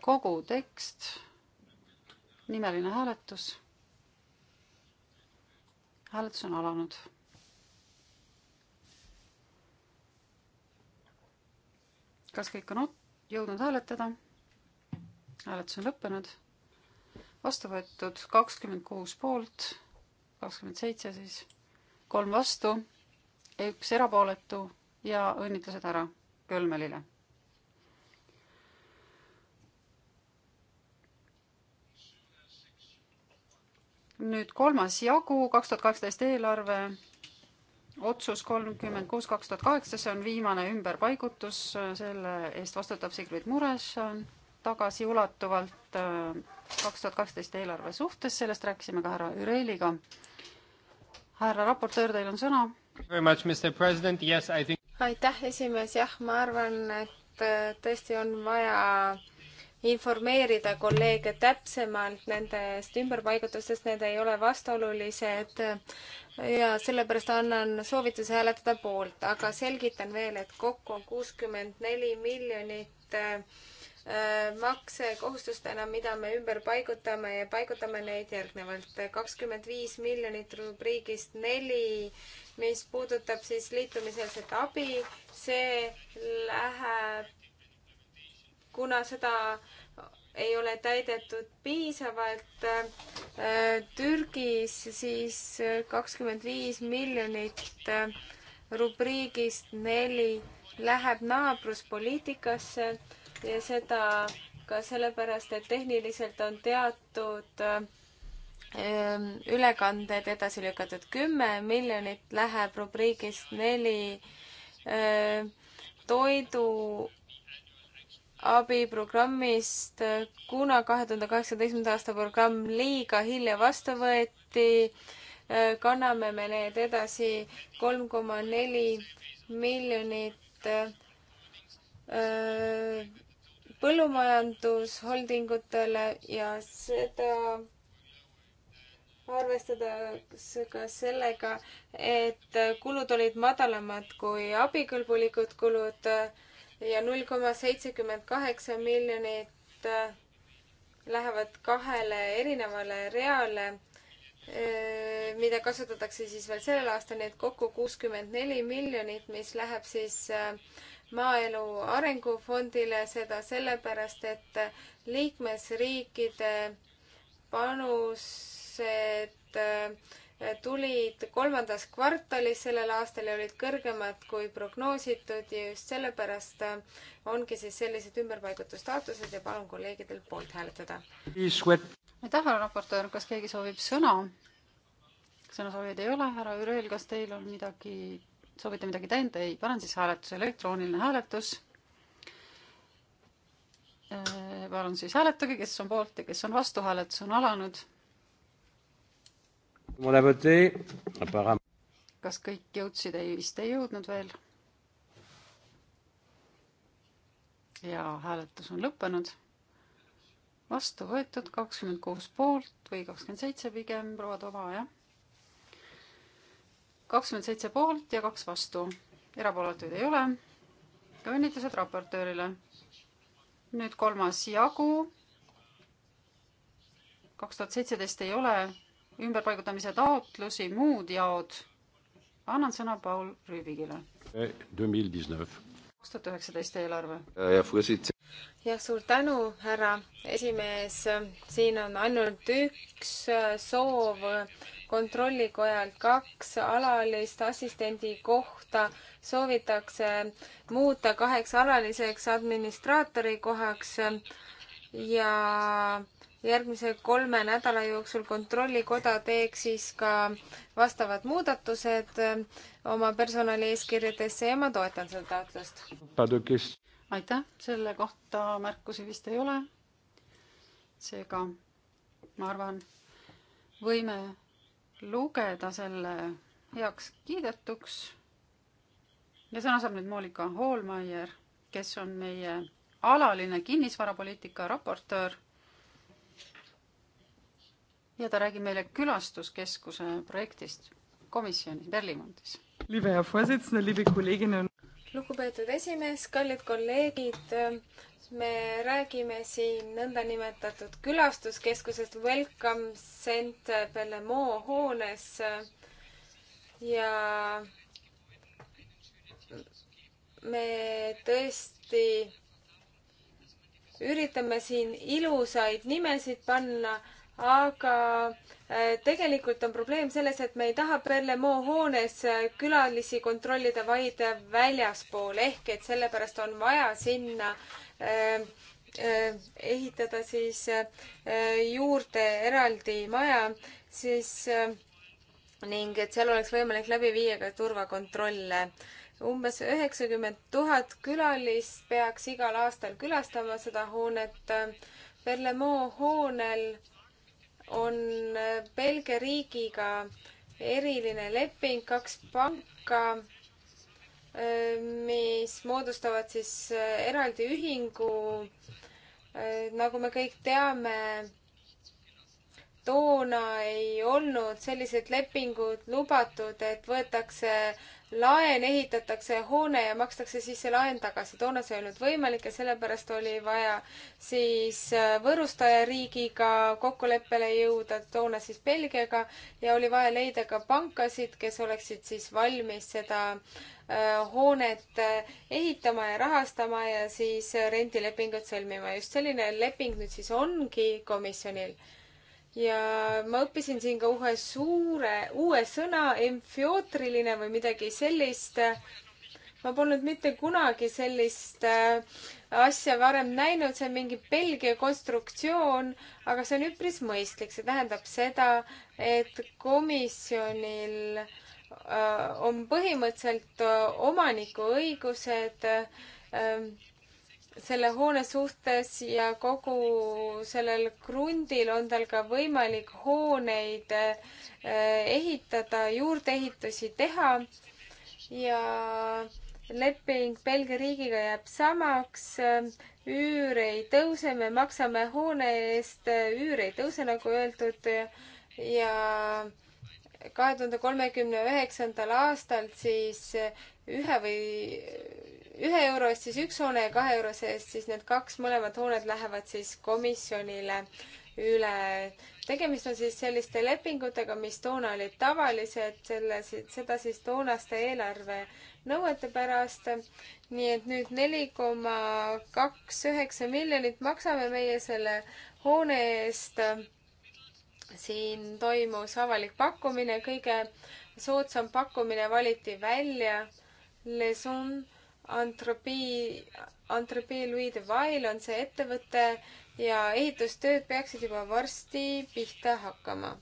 kogu tekst, nimeline hääletus. hääletus on alanud kas kõik on jõudnud hääletada? hääletus on lõppenud. vastu võetud kakskümmend kuus poolt, kakskümmend seitse siis, kolm vastu, üks erapooletu ja õnnitlused härra Kölmelile. nüüd kolmas jagu, kaks tuhat kaheksateist eelarve otsus kolmkümmend kuus, kaks tuhat kaheksa, see on viimane ümberpaigutus, selle eest vastutab Sigrid Muresson tagasiulatuvalt äh, kaks tuhat kaksteist eelarve suhtes, sellest rääkisime ka härra Jüreliga. härra raportöör, teil on sõna. Yes, think... aitäh, esimees, jah, ma arvan, et äh, tõesti on vaja informeerida kolleege täpsemalt nendest ümberpaigutustest, need ei ole vastuolulised äh, ja sellepärast annan soovituse hääletada poolt, aga selgitan veel, et kokku on kuuskümmend neli miljonit Äh, maksekohustustena, mida me ümber paigutame ja paigutame neid järgnevalt. kakskümmend viis miljonit rubriigist neli, mis puudutab siis liitumiseelset abi, see läheb, kuna seda ei ole täidetud piisavalt äh, Türgis, siis kakskümmend viis miljonit äh, rubriigist neli läheb naabruspoliitikasse ja seda ka sellepärast, et tehniliselt on teatud ähm, ülekanded edasi lükatud. kümme miljonit läheb rubriigist neli ähm, toidu abiprogrammist, kuna kahe tuhande kaheksateistkümnenda aasta programm liiga hilja vastu võeti, äh, kanname me need edasi kolm koma neli miljonit äh, põllumajandusholdingutele ja seda arvestades ka sellega, et kulud olid madalamad kui abikõlbulikud kulud ja null koma seitsekümmend kaheksa miljonit lähevad kahele erinevale reale, mida kasutatakse siis veel sellel aastal, nii et kokku kuuskümmend neli miljonit, mis läheb siis äh, Maaelu Arengufondile, seda sellepärast, et liikmesriikide panused äh, tulid kolmandas kvartalis sellel aastal ja olid kõrgemad kui prognoositud ja just sellepärast äh, ongi siis sellised ümberpaigutustaatused ja palun kolleegidel poolt hääletada. aitäh, härra raportöör, kas keegi soovib sõna? sõnasoovijaid ei ole, härra Jürel, kas teil on midagi soovite midagi täiendada? ei, panen siis hääletuse, elektrooniline hääletus. Äh, palun siis hääletage, kes on poolt ja kes on vastu, hääletus on alanud. kas kõik jõudsid, ei vist ei jõudnud veel. ja hääletus on lõppenud vastu võetud, kakskümmend kuus poolt või kakskümmend seitse pigem, proua Toma, jah kakskümmend seitse poolt ja kaks vastu, erapooletuid ei ole. õnnitlused raportöörile. nüüd kolmas jagu. kaks tuhat seitseteist ei ole ümberpaigutamise taotlusi, muud jaod. annan sõna Paul Rüübigile. Eh, kaks tuhat üheksateist eelarve. Eh, jah, suur tänu, härra esimees. siin on ainult üks eh, soov kontrollikojalt kaks alalist assistendi kohta soovitakse muuta kaheks alaliseks administraatori kohaks ja järgmise kolme nädala jooksul Kontrollikoda teeks siis ka vastavad muudatused oma personalieeskirjadesse ja ma toetan seda taotlust. aitäh, selle kohta märkusi vist ei ole. seega ma arvan, võime lugeda selle heaks kiidetuks. ja sõna saab nüüd Monika Hoolmeier, kes on meie alaline kinnisvarapoliitika raportöör. ja ta räägib meile külastuskeskuse projektist komisjonis Berlimondis lugupeetud esimees, kallid kolleegid, me räägime siin nõndanimetatud külastuskeskusest Welcome Center Bellemo hoones ja me tõesti üritame siin ilusaid nimesid panna aga äh, tegelikult on probleem selles, et me ei taha Berlemont hoones äh, külalisi kontrollida vaid äh, väljaspool, ehk et sellepärast on vaja sinna ehitada siis juurde eraldi maja, siis ning et seal oleks võimalik läbi viia ka turvakontrolle umbes üheksakümmend tuhat külalist peaks igal aastal külastama seda hoonet. Berlemont hoonel on Belgia riigiga eriline leping, kaks panka, mis moodustavad siis äh, eraldi ühingu. Äh, nagu me kõik teame, toona ei olnud sellised lepingud lubatud, et võetakse laen, ehitatakse hoone ja makstakse siis see laen tagasi. toona see ei olnud võimalik ja sellepärast oli vaja siis äh, võõrustajariigiga kokkuleppele jõuda, toona siis Belgiaga, ja oli vaja leida ka pankasid, kes oleksid siis valmis seda äh, hoonet äh, ehitama ja rahastama ja siis rendilepingut sõlmima. just selline leping nüüd siis ongi komisjonil ja ma õppisin siin ka uue suure, uue sõna, emfüootriline või midagi sellist. ma polnud mitte kunagi sellist äh, asja varem näinud, see on mingi Belgia konstruktsioon, aga see on üpris mõistlik, see tähendab seda, et komisjonil äh, on põhimõtteliselt äh, omanikuõigused selle hoone suhtes ja kogu sellel krundil on tal ka võimalik hooneid eh, ehitada, juurdeehitusi teha ja leping Belgia riigiga jääb samaks, üür ei tõuse, me maksame hoone eest, üür ei tõuse, nagu öeldud, ja kahe tuhande kolmekümne üheksandal aastal siis ühe või ühe euro eest siis üks hoone ja kahe euro seest siis need kaks mõlemad hooned lähevad siis komisjonile üle. tegemist on siis selliste lepingutega, mis toona olid tavalised, selle, seda siis toonaste eelarvenõuete pärast. nii et nüüd neli koma kaks üheksa miljonit maksame meie selle hoone eest. siin toimus avalik pakkumine, kõige soodsam pakkumine valiti välja. Les on Antropii, Antropii Louis de Vail on see ettevõte ja ehitustööd peaksid juba varsti pihta hakkama.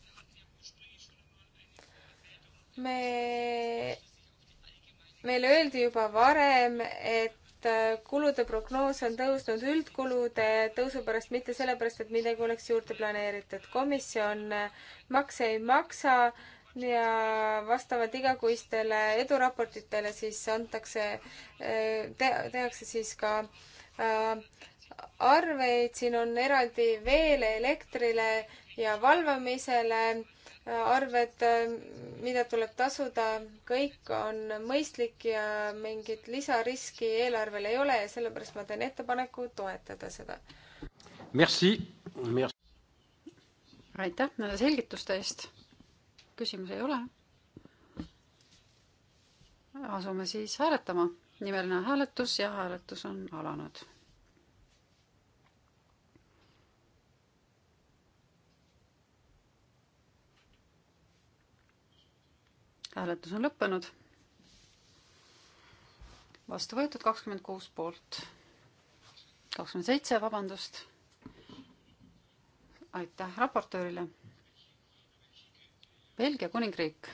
me, meile öeldi juba varem, et kulude prognoos on tõusnud üldkulude tõusu pärast, mitte sellepärast, et midagi oleks juurde planeeritud. komisjon makse ei maksa ja vastavalt igakuistele eduraportitele siis antakse eh, te,, tehakse siis ka äh, arveid, siin on eraldi veele, elektrile ja valvamisele eh, arved, mida tuleb tasuda, kõik on mõistlik ja mingit lisariski eelarvel ei ole ja sellepärast ma teen ettepaneku toetada seda. Merci, merci.. aitäh nende selgituste eest küsimusi ei ole. asume siis hääletama. nimeline hääletus ja hääletus on alanud. hääletus on lõppenud. vastu võetud kakskümmend kuus poolt, kakskümmend seitse, vabandust. aitäh raportöörile Belgia kuningriik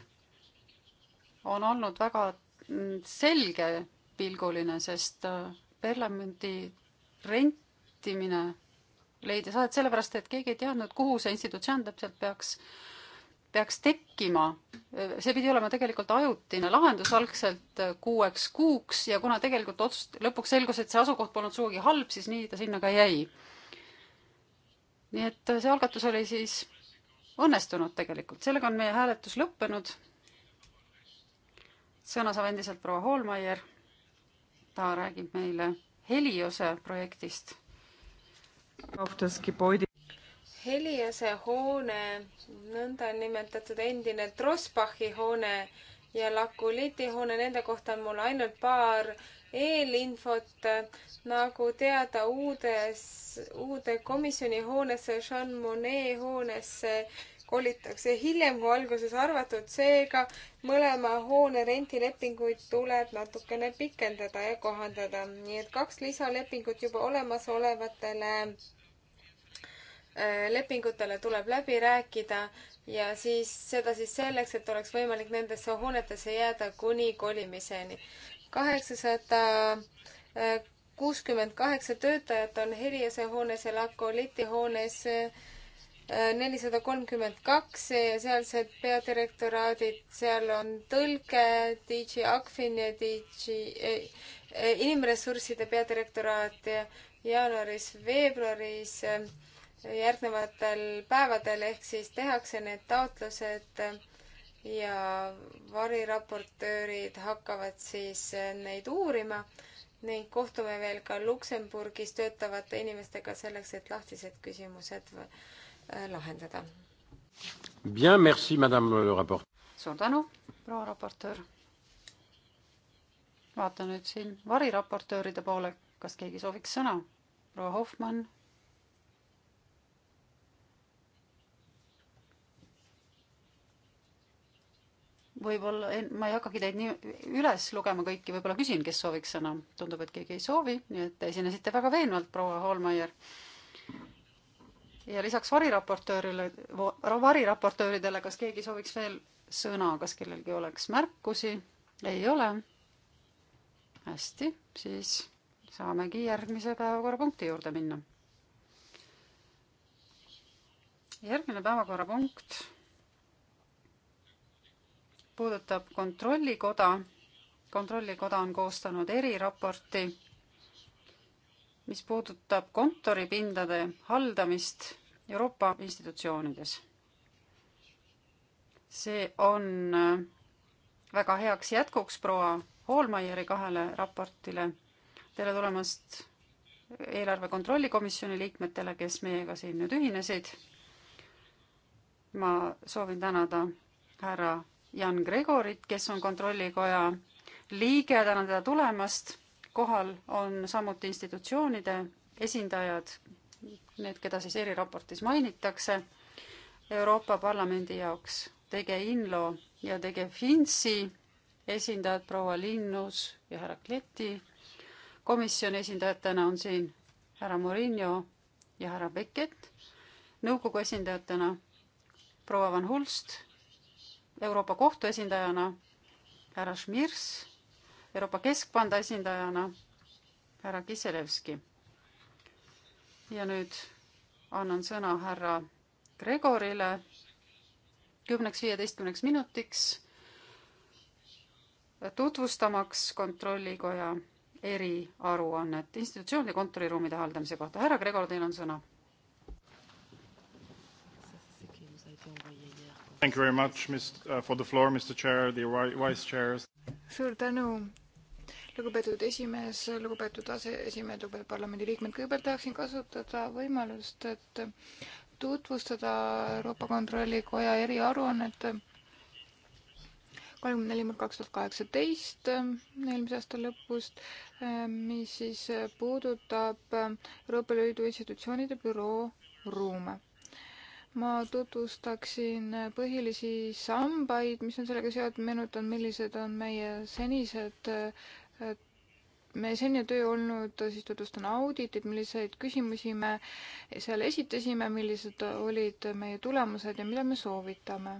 on olnud väga selgepilguline, sest äh, parlamendi rentimine leidis aset sellepärast, et keegi ei teadnud, kuhu see institutsioon täpselt peaks, peaks tekkima. see pidi olema tegelikult ajutine lahendus algselt äh, kuueks kuuks ja kuna tegelikult otsust, lõpuks selgus, et see asukoht polnud sugugi halb, siis nii ta sinna ka jäi. nii et äh, see algatus oli siis õnnestunud tegelikult, sellega on meie hääletus lõppenud. sõna saab endiselt proua Hoolmeier. ta räägib meile Heliose projektist. Heliose hoone, nõndanimetatud endine Trosbachi hoone ja Lakuliti hoone, nende kohta on mul ainult paar eelinfot. nagu teada, uudes, uude komisjoni hoonesse, Jean Monnet hoonesse kolitakse hiljem kui alguses arvatud, seega mõlema hoone rendilepinguid tuleb natukene pikendada ja kohandada, nii et kaks lisalepingut juba olemasolevatele äh, lepingutele tuleb läbi rääkida ja siis seda siis selleks, et oleks võimalik nendesse hoonetesse jääda kuni kolimiseni kaheksasada äh, kuuskümmend kaheksa töötajat on Heliase hoones ja La Colletti hoones äh, nelisada kolmkümmend kaks ja sealsed peadirektoraadid, seal on tõlge, DJ Akfin ja DJ eh, äh, inimressursside peadirektoraat ja jaanuaris-veebruaris järgnevatel päevadel ehk siis tehakse need taotlused eh, ja variraportöörid hakkavad siis äh, neid uurima ning kohtume veel ka Luksemburgis töötavate inimestega selleks, et lahtised küsimused äh, lahendada. Bien, merci, madame le raport-. suur tänu, proua raportöör. vaatan nüüd siin variraportööride poole, kas keegi sooviks sõna? proua Hoffmann, võib-olla, ma ei hakkagi teid nii üles lugema kõiki, võib-olla küsin, kes sooviks sõna. tundub, et keegi ei soovi, nii et te esinesite väga veenvalt, proua Hoolmeier. ja lisaks variraportöörile, variraportööridele, kas keegi sooviks veel sõna, kas kellelgi oleks märkusi? ei ole. hästi, siis saamegi järgmise päevakorrapunkti juurde minna. järgmine päevakorrapunkt puudutab Kontrollikoda, Kontrollikoda on koostanud eriraporti, mis puudutab kontoripindade haldamist Euroopa institutsioonides. see on äh, väga heaks jätkuks proua Hoolmeieri kahele raportile. tere tulemast eelarve kontrollikomisjoni liikmetele, kes meiega siin nüüd ühinesid. ma soovin tänada härra Jan Gregorit, kes on Kontrollikoja liige, tänan teda tulemast. kohal on samuti institutsioonide esindajad, need, keda siis eriraportis mainitakse, Euroopa Parlamendi jaoks tege Inlo ja tege Finsi esindajad proua Linnus ja härra Kleti. komisjoni esindajatena on siin härra Morinho ja härra Beckett. nõukogu esindajatena proua Van Hulst Euroopa Kohtu esindajana, härra Šmirs Euroopa Keskpanga esindajana, härra Kiselevski. ja nüüd annan sõna härra Gregorile kümneks-viieteistkümneks minutiks tutvustamaks Kontrollikoja eriaruannet institutsioonide kontoriruumide haldamise kohta. härra Gregor, teil on sõna Thank you very much Mr, uh, for the floor, Mr Chair, the Vice Chairs. suur tänu, lugupeetud esimees, lugupeetud aseesimehed, lugupeetud parlamendiliikmed, kõigepealt tahaksin kasutada võimalust, et tutvustada Euroopa Kontrollikoja eriaruannet kolmkümmend neli murd kaks tuhat kaheksateist eelmise aasta lõpust, mis siis puudutab Euroopa Liidu institutsioonide büroo ruume ma tutvustaksin põhilisi sambaid, mis on sellega seotud, meenutan, millised on meie senised, meie senine töö olnud, siis tutvustan auditit, milliseid küsimusi me seal esitasime, millised olid meie tulemused ja mida me soovitame.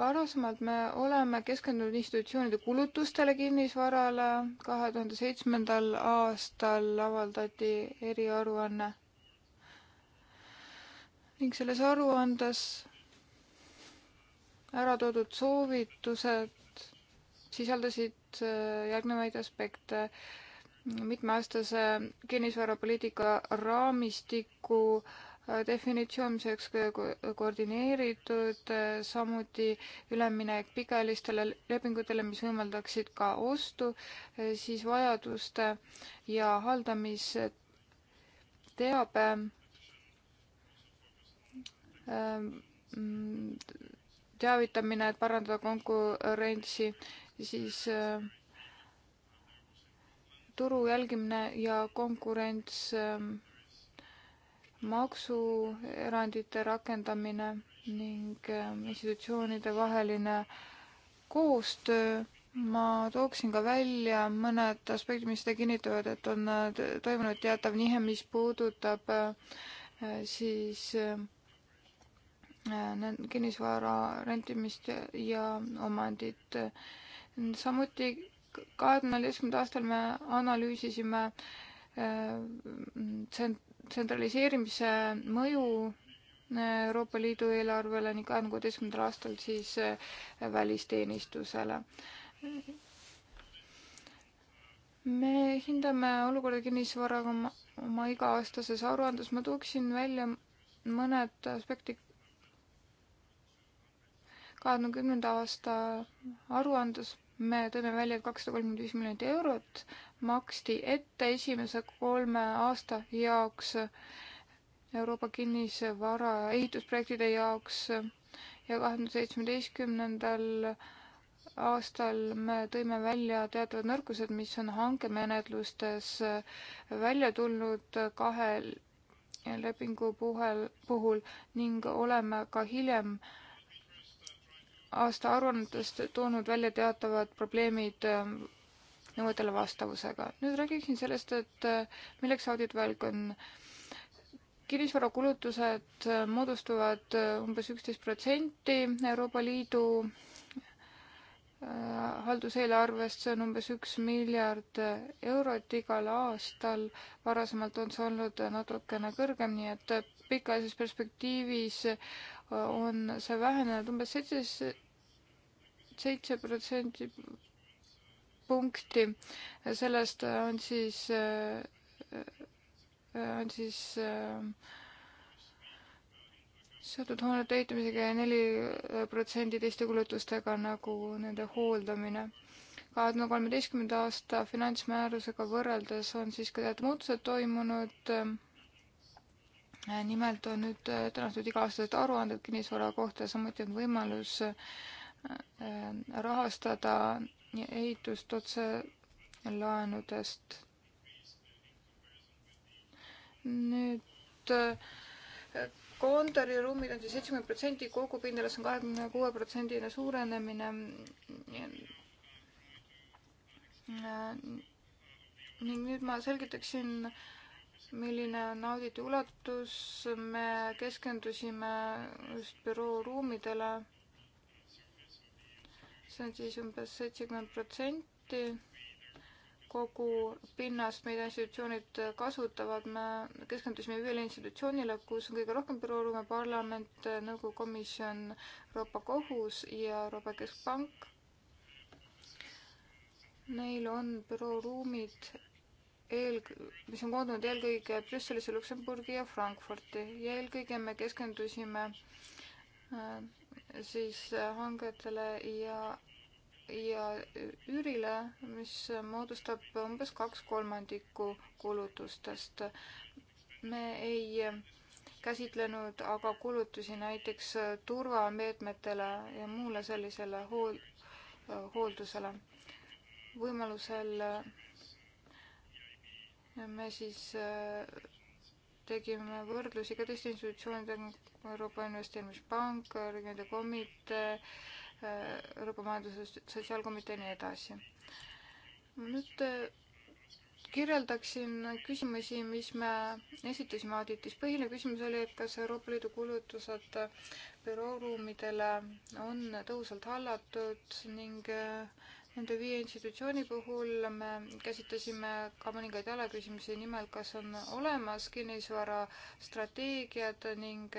varasemalt me oleme keskendunud institutsioonide kulutustele kinnisvarale, kahe tuhande seitsmendal aastal avaldati eriaruanne ning selles aruandes ära toodud soovitused sisaldasid äh, järgnevaid aspekte mitmeaastase kinnisvarapoliitika raamistiku äh, definitsioonimiseks koordineeritud, äh, samuti üleminek pikaajalistele lepingutele, mis võimaldaksid ka ostu, siis vajaduste ja haldamisteabe Ehm, mm, teavitamine, et parandada konkurentsi, siis ehm, turu jälgimine ja konkurents, ehm, maksuerandite rakendamine ning institutsioonide vaheline koostöö ma tooksin ka välja mõned aspektid, mis seda kinnitavad, et on eh, toimunud teatav nihe, mis puudutab eh, siis äh, Äh, kinnisvara rentimist ja omandit. samuti kahe tuhande neljateistkümnendal aastal me analüüsisime äh, tsentraliseerimise mõju äh, Euroopa Liidu eelarvele ning kahe tuhande kuueteistkümnendal aastal siis välisteenistusele. me hindame olukorda kinnisvaraga oma, oma iga-aastases aruandes, ma tooksin välja mõned aspektid, kahekümne kümnenda aasta aruandes me tõime välja, et kakssada kolmkümmend viis miljonit eurot maksti ette esimese kolme aasta jaoks Euroopa kinnisvara ehitusprojektide jaoks ja kahekümne seitsmeteistkümnendal aastal me tõime välja teatavad nõrkused, mis on hankemenetlustes välja tulnud kahel lepingu puhul, puhul ning oleme ka hiljem äh, aasta aruannetest toonud välja teatavad probleemid ähm, nõuetele vastavusega. nüüd räägiksin sellest, et äh, milleks audit vajalik on. kinnisvarakulutused äh, moodustuvad äh, umbes üksteist protsenti Euroopa Liidu halduseelarvest, see on umbes üks miljard eurot igal aastal. varasemalt on see olnud natukene kõrgem, nii et pikaajalises perspektiivis on see vähenenud umbes seitse, seitse protsenti punkti. sellest on siis, on siis äh, seotud hoonete ehitamisega ja neli protsendi teiste kulutustega nagu nende hooldamine. kahe tuhande kolmeteistkümnenda aasta finantsmäärusega võrreldes on siis ka teatud muutused toimunud Äh, nimelt on nüüd äh, tänatud iga-aastased aruanded kinnisvara kohta, samuti on võimalus äh, rahastada ehitust otse laenudest. nüüd kontoriruumid on siis seitsekümmend protsenti, kogupindalas on kahekümne kuue protsendine suurenemine. ning nüüd ma selgitaksin äh, milline on auditi ulatus, me keskendusime just büroo ruumidele. see on siis umbes seitsekümmend protsenti kogu pinnast, mida institutsioonid kasutavad, me keskendusime viiele institutsioonile, kus on kõige rohkem bürooruume, parlament, nõukogu komisjon, Euroopa Kohus ja Euroopa Keskpank. Neil on bürooruumid eel, mis on koondunud eelkõige Brüsselisse, Luksemburgi ja Frankfurti ja eelkõige me keskendusime äh, siis äh, hangetele ja, ja üürile, mis moodustab umbes kaks kolmandikku kulutustest. me ei käsitlenud aga kulutusi näiteks äh, turvameetmetele ja muule sellisele hool, hooldusele. võimalusel ja me siis äh, tegime võrdlusi ka teiste institutsioonidega, Euroopa Investeerimispank, Regionaalide Komitee, äh, Euroopa Majandus- ja Sotsiaalkomitee ja nii edasi. nüüd äh, kirjeldaksin küsimusi, mis me esitasime auditis. põhiline küsimus oli, et kas Euroopa Liidu kulutused bürooruumidele on tõhusalt hallatud ning äh, Nende viie institutsiooni puhul me käsitlesime ka mõningaid jalaküsimusi, nimelt kas on olemas kinnisvarastrateegiad ning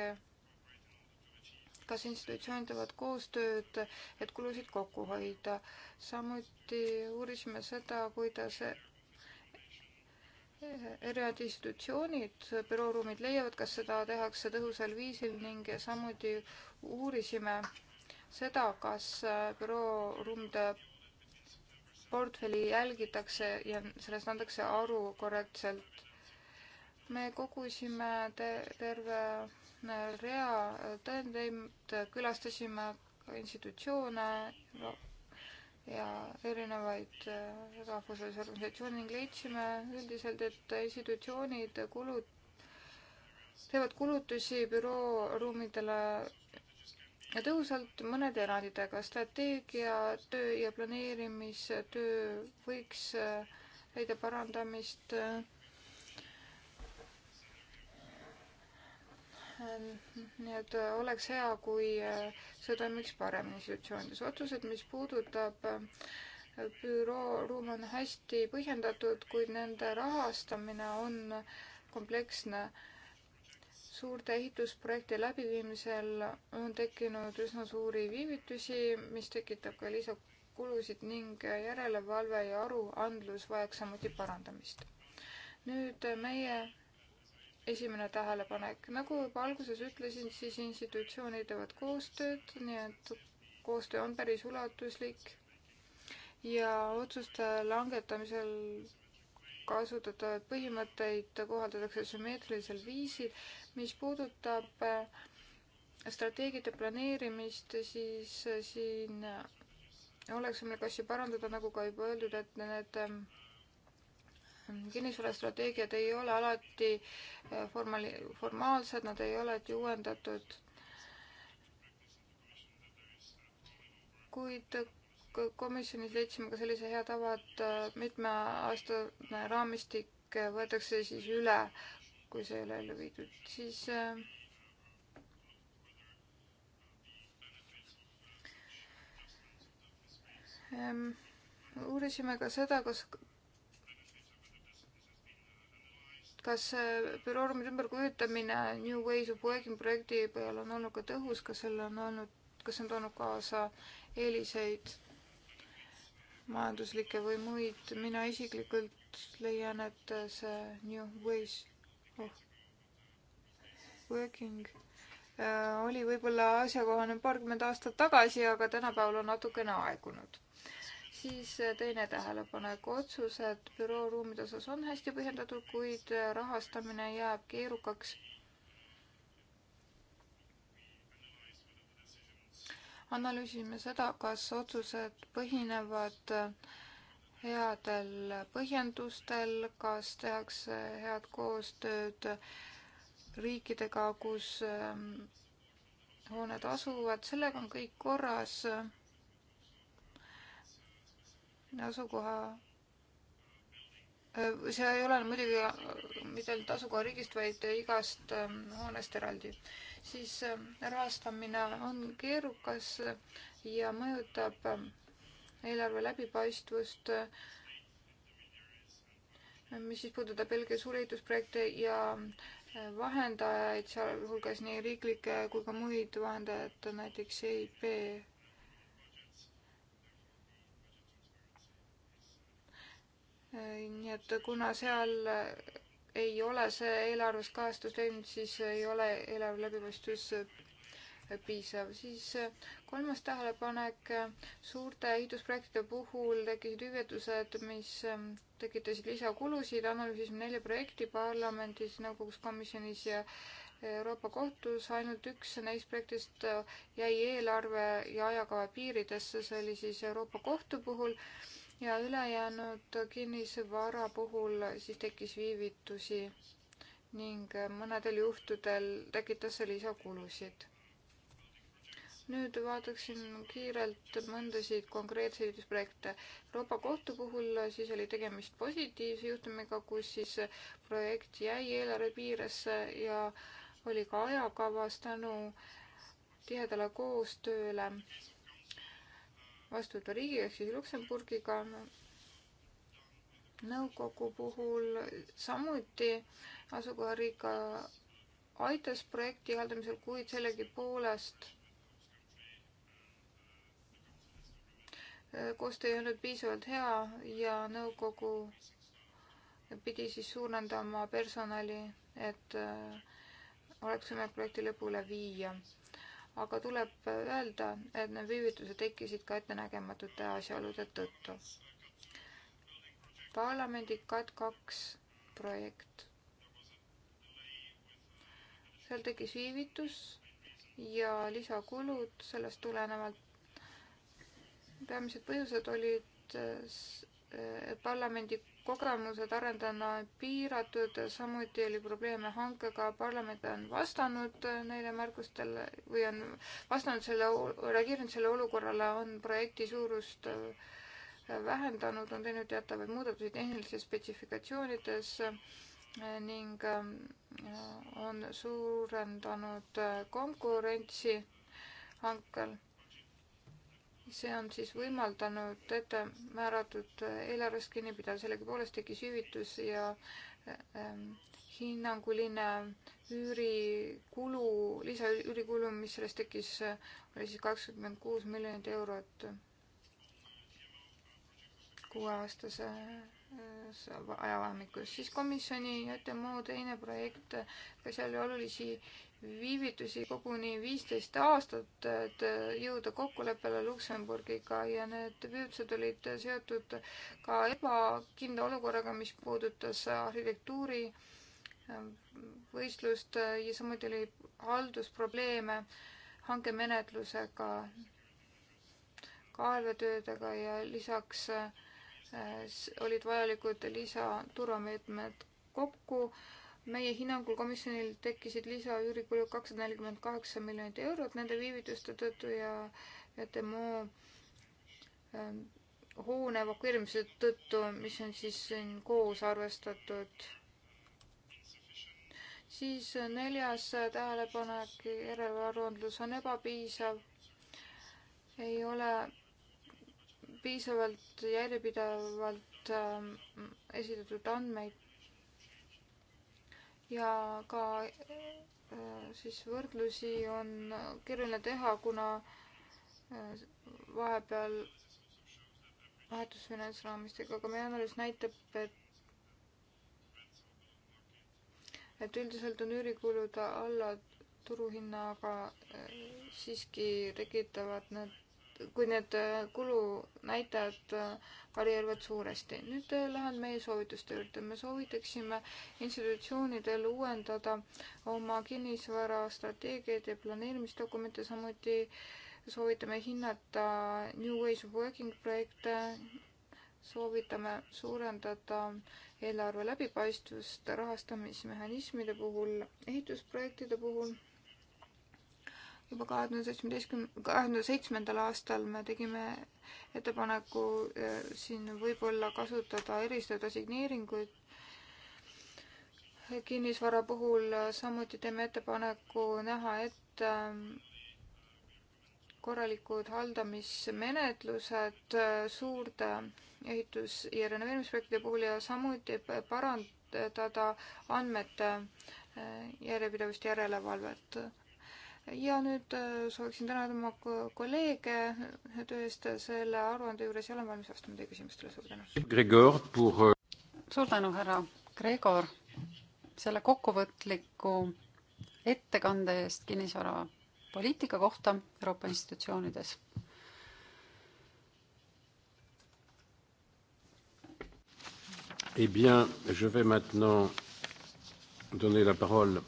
kas institutsioonid teevad koostööd, et kulusid kokku hoida. samuti uurisime seda, kuidas erinevad institutsioonid, bürooruumid leiavad, kas seda tehakse tõhusal viisil ning samuti uurisime seda, kas bürooruumide portfelli jälgitakse ja sellest antakse aru korrektselt. me kogusime te terve äh, rea tõendeid, külastasime institutsioone ja erinevaid äh, rahvusvahelisi organisatsioone ning leidsime üldiselt, et institutsioonid kulud, teevad kulutusi bürooruumidele ja tõhusalt mõnede eranditega. strateegiatöö ja planeerimistöö võiks äh, leida parandamist äh, nii et äh, oleks hea, kui see toimiks paremini institutsioonides. otsused, mis puudutab büroo ruume, on hästi põhjendatud, kuid nende rahastamine on kompleksne suurte ehitusprojekti läbiviimisel on tekkinud üsna suuri viivitusi, mis tekitab ka lisakulusid ning järelevalve ja aruandlus vajaks samuti parandamist. nüüd meie esimene tähelepanek. nagu juba alguses ütlesin, siis institutsioonid teevad koostööd, nii et koostöö on päris ulatuslik ja otsuste langetamisel kasutatavaid põhimõtteid kohaldatakse sümmeetrilisel viisil mis puudutab äh, strateegiate planeerimist, siis äh, siin äh, oleks meil kas ju parandada, nagu ka juba öeldud, et need ähm, kinnisvarastrateegiad ei ole alati formali-, formaalsed, nad ei ole alati uuendatud. kuid komisjonis leidsime ka sellise hea tava, et mitmeaastane raamistik võetakse siis üle kui see ei ole ellu viidud, siis ähm, uurisime ka seda, kas, kas äh, bürooruumide ümberkujutamine New Ways of Working projekti peal on olnud ka tõhus, kas sellel on olnud, kas see on toonud kaasa eeliseid majanduslikke või muid, mina isiklikult leian, et see New Ways Working äh, oli võib-olla asjakohane paarkümmend aastat tagasi, aga tänapäeval on natukene aegunud. siis äh, teine tähelepanek, otsused büroo ruumide osas on hästi põhjendatud, kuid äh, rahastamine jääb keerukaks. analüüsime seda, kas otsused põhinevad äh, headel põhjendustel, kas tehakse head koostööd riikidega, kus ähm, hooned asuvad, sellega on kõik korras. asukoha äh, see ei ole muidugi äh, mitte ainult asukohariigist, vaid igast ähm, hoonest eraldi, siis ähm, rahastamine on keerukas ja mõjutab eelarve läbipaistvust, mis siis puudutab eelkõige suuri ehitusprojekte ja äh, vahendajaid, sealhulgas nii riiklikke kui ka muid vahendajaid, näiteks EIP. Äh, nii et kuna seal äh, ei ole see eelarves kajastust leidnud, siis ei ole eelarve läbipaistvus piisav. siis äh, kolmas tähelepanek, äh, suurte ehitusprojektide puhul tekkisid hüvitused, mis ähm, tekitasid lisakulusid, analüüsisime nelja projekti parlamendis, nõukogus, komisjonis ja Euroopa Kohtus, ainult üks neist projektist äh, jäi eelarve ja ajakava piiridesse, see oli siis Euroopa Kohtu puhul ja ülejäänud kinnisvara puhul siis tekkis viivitusi ning mõnedel juhtudel tekitas see lisakulusid nüüd vaataksin kiirelt mõndasid konkreetseid õigusprojekte. Euroopa Kohtu puhul siis oli tegemist positiivse juhtumiga, kus siis projekt jäi eelarve piiresse ja oli ka ajakavas tänu tihedale koostööle vastuvõtva riigiga ehk siis Luksemburgiga. nõukogu puhul samuti asukohariik aitas projekti haldamisel, kuid sellegipoolest Äh, koostöö ei olnud piisavalt hea ja nõukogu pidi siis suurendama personali, et äh, oleks võimalik projekti lõpule viia. aga tuleb öelda, et need viivitused tekkisid ka ettenägematute asjaolude tõttu. parlamendi CAT kaks projekt. seal tekkis viivitus ja lisakulud sellest tulenevalt peamised põhjused olid eh, parlamendi kogemused arendajana piiratud, samuti oli probleeme hankega, parlament on vastanud eh, neile märkustele või on vastanud selle, reageerinud selle olukorrale, on projekti suurust eh, vähendanud, on teinud teatavaid muudatusi tehnilistes spetsifikatsioonides ning on suurendanud konkurentsi hankel see on siis võimaldanud ette määratud eelarvest kinni pidada, sellegipoolest tekkis hüvitus ja ähm, hinnanguline üürikulu, lisaüürikulu, mis sellest tekkis, oli siis kakskümmend kuus miljonit eurot kuueaastase äh, ajavahemikus. siis komisjoni JTMO teine projekt, ka seal oli olulisi viivitusi koguni viisteist aastat, et jõuda kokkuleppele Luksemburgiga ja need püüdlused olid seotud ka ebakindla olukorraga, mis puudutas arhitektuuri ähm, võistlust äh, ja samuti oli haldusprobleeme hankemenetlusega, kaevetöödega ja lisaks äh, olid vajalikud lisaturvameetmed kokku meie hinnangul komisjonil tekkisid lisaüürikulud kakssada nelikümmend kaheksa miljonit eurot nende viivituste tõttu ja, ja demo ähm, hoone evakueerimise tõttu, mis on siis siin koos arvestatud. siis neljas tähelepanek, järelevalveandlus on ebapiisav. ei ole piisavalt järjepidevalt ähm, esitatud andmeid ja ka äh, siis võrdlusi on keeruline teha, kuna äh, vahepeal vahetusfinantsraamistega, aga meie analüüs näitab, et et üldiselt on üürikulud alla turuhinna, aga äh, siiski tekitavad need kui need äh, kulunäitajad äh, varieeruvad suuresti. nüüd äh, lähen meie soovituste juurde. me soovitaksime institutsioonidel uuendada oma kinnisvarastrateegiaid ja planeerimisdokumente, samuti soovitame hinnata New Ways of Working projekte, soovitame suurendada eelarve läbipaistvust rahastamismehhanismide puhul, ehitusprojektide puhul juba kahe tuhande seitsmeteistkümne, kahe tuhande seitsmendal aastal me tegime ettepaneku äh, siin võib-olla kasutada eristada signeeringuid kinnisvara puhul, samuti teeme ettepaneku näha ette äh, korralikud haldamismenetlused äh, suurte ehitus- ja renoveerimisprojektide puhul ja samuti parandada andmete järjepidevust järelevalvet ja nüüd äh, sooviksin tänada oma kolleege töö eest selle aruande juures ja olen valmis vastama teie küsimustele, suur tänu. Gregor pour.... Euh, suur tänu, härra Gregor, selle kokkuvõtliku ettekande eest kinnisvarapoliitika kohta Euroopa institutsioonides. Eh bien, je vais maintenant donner la parole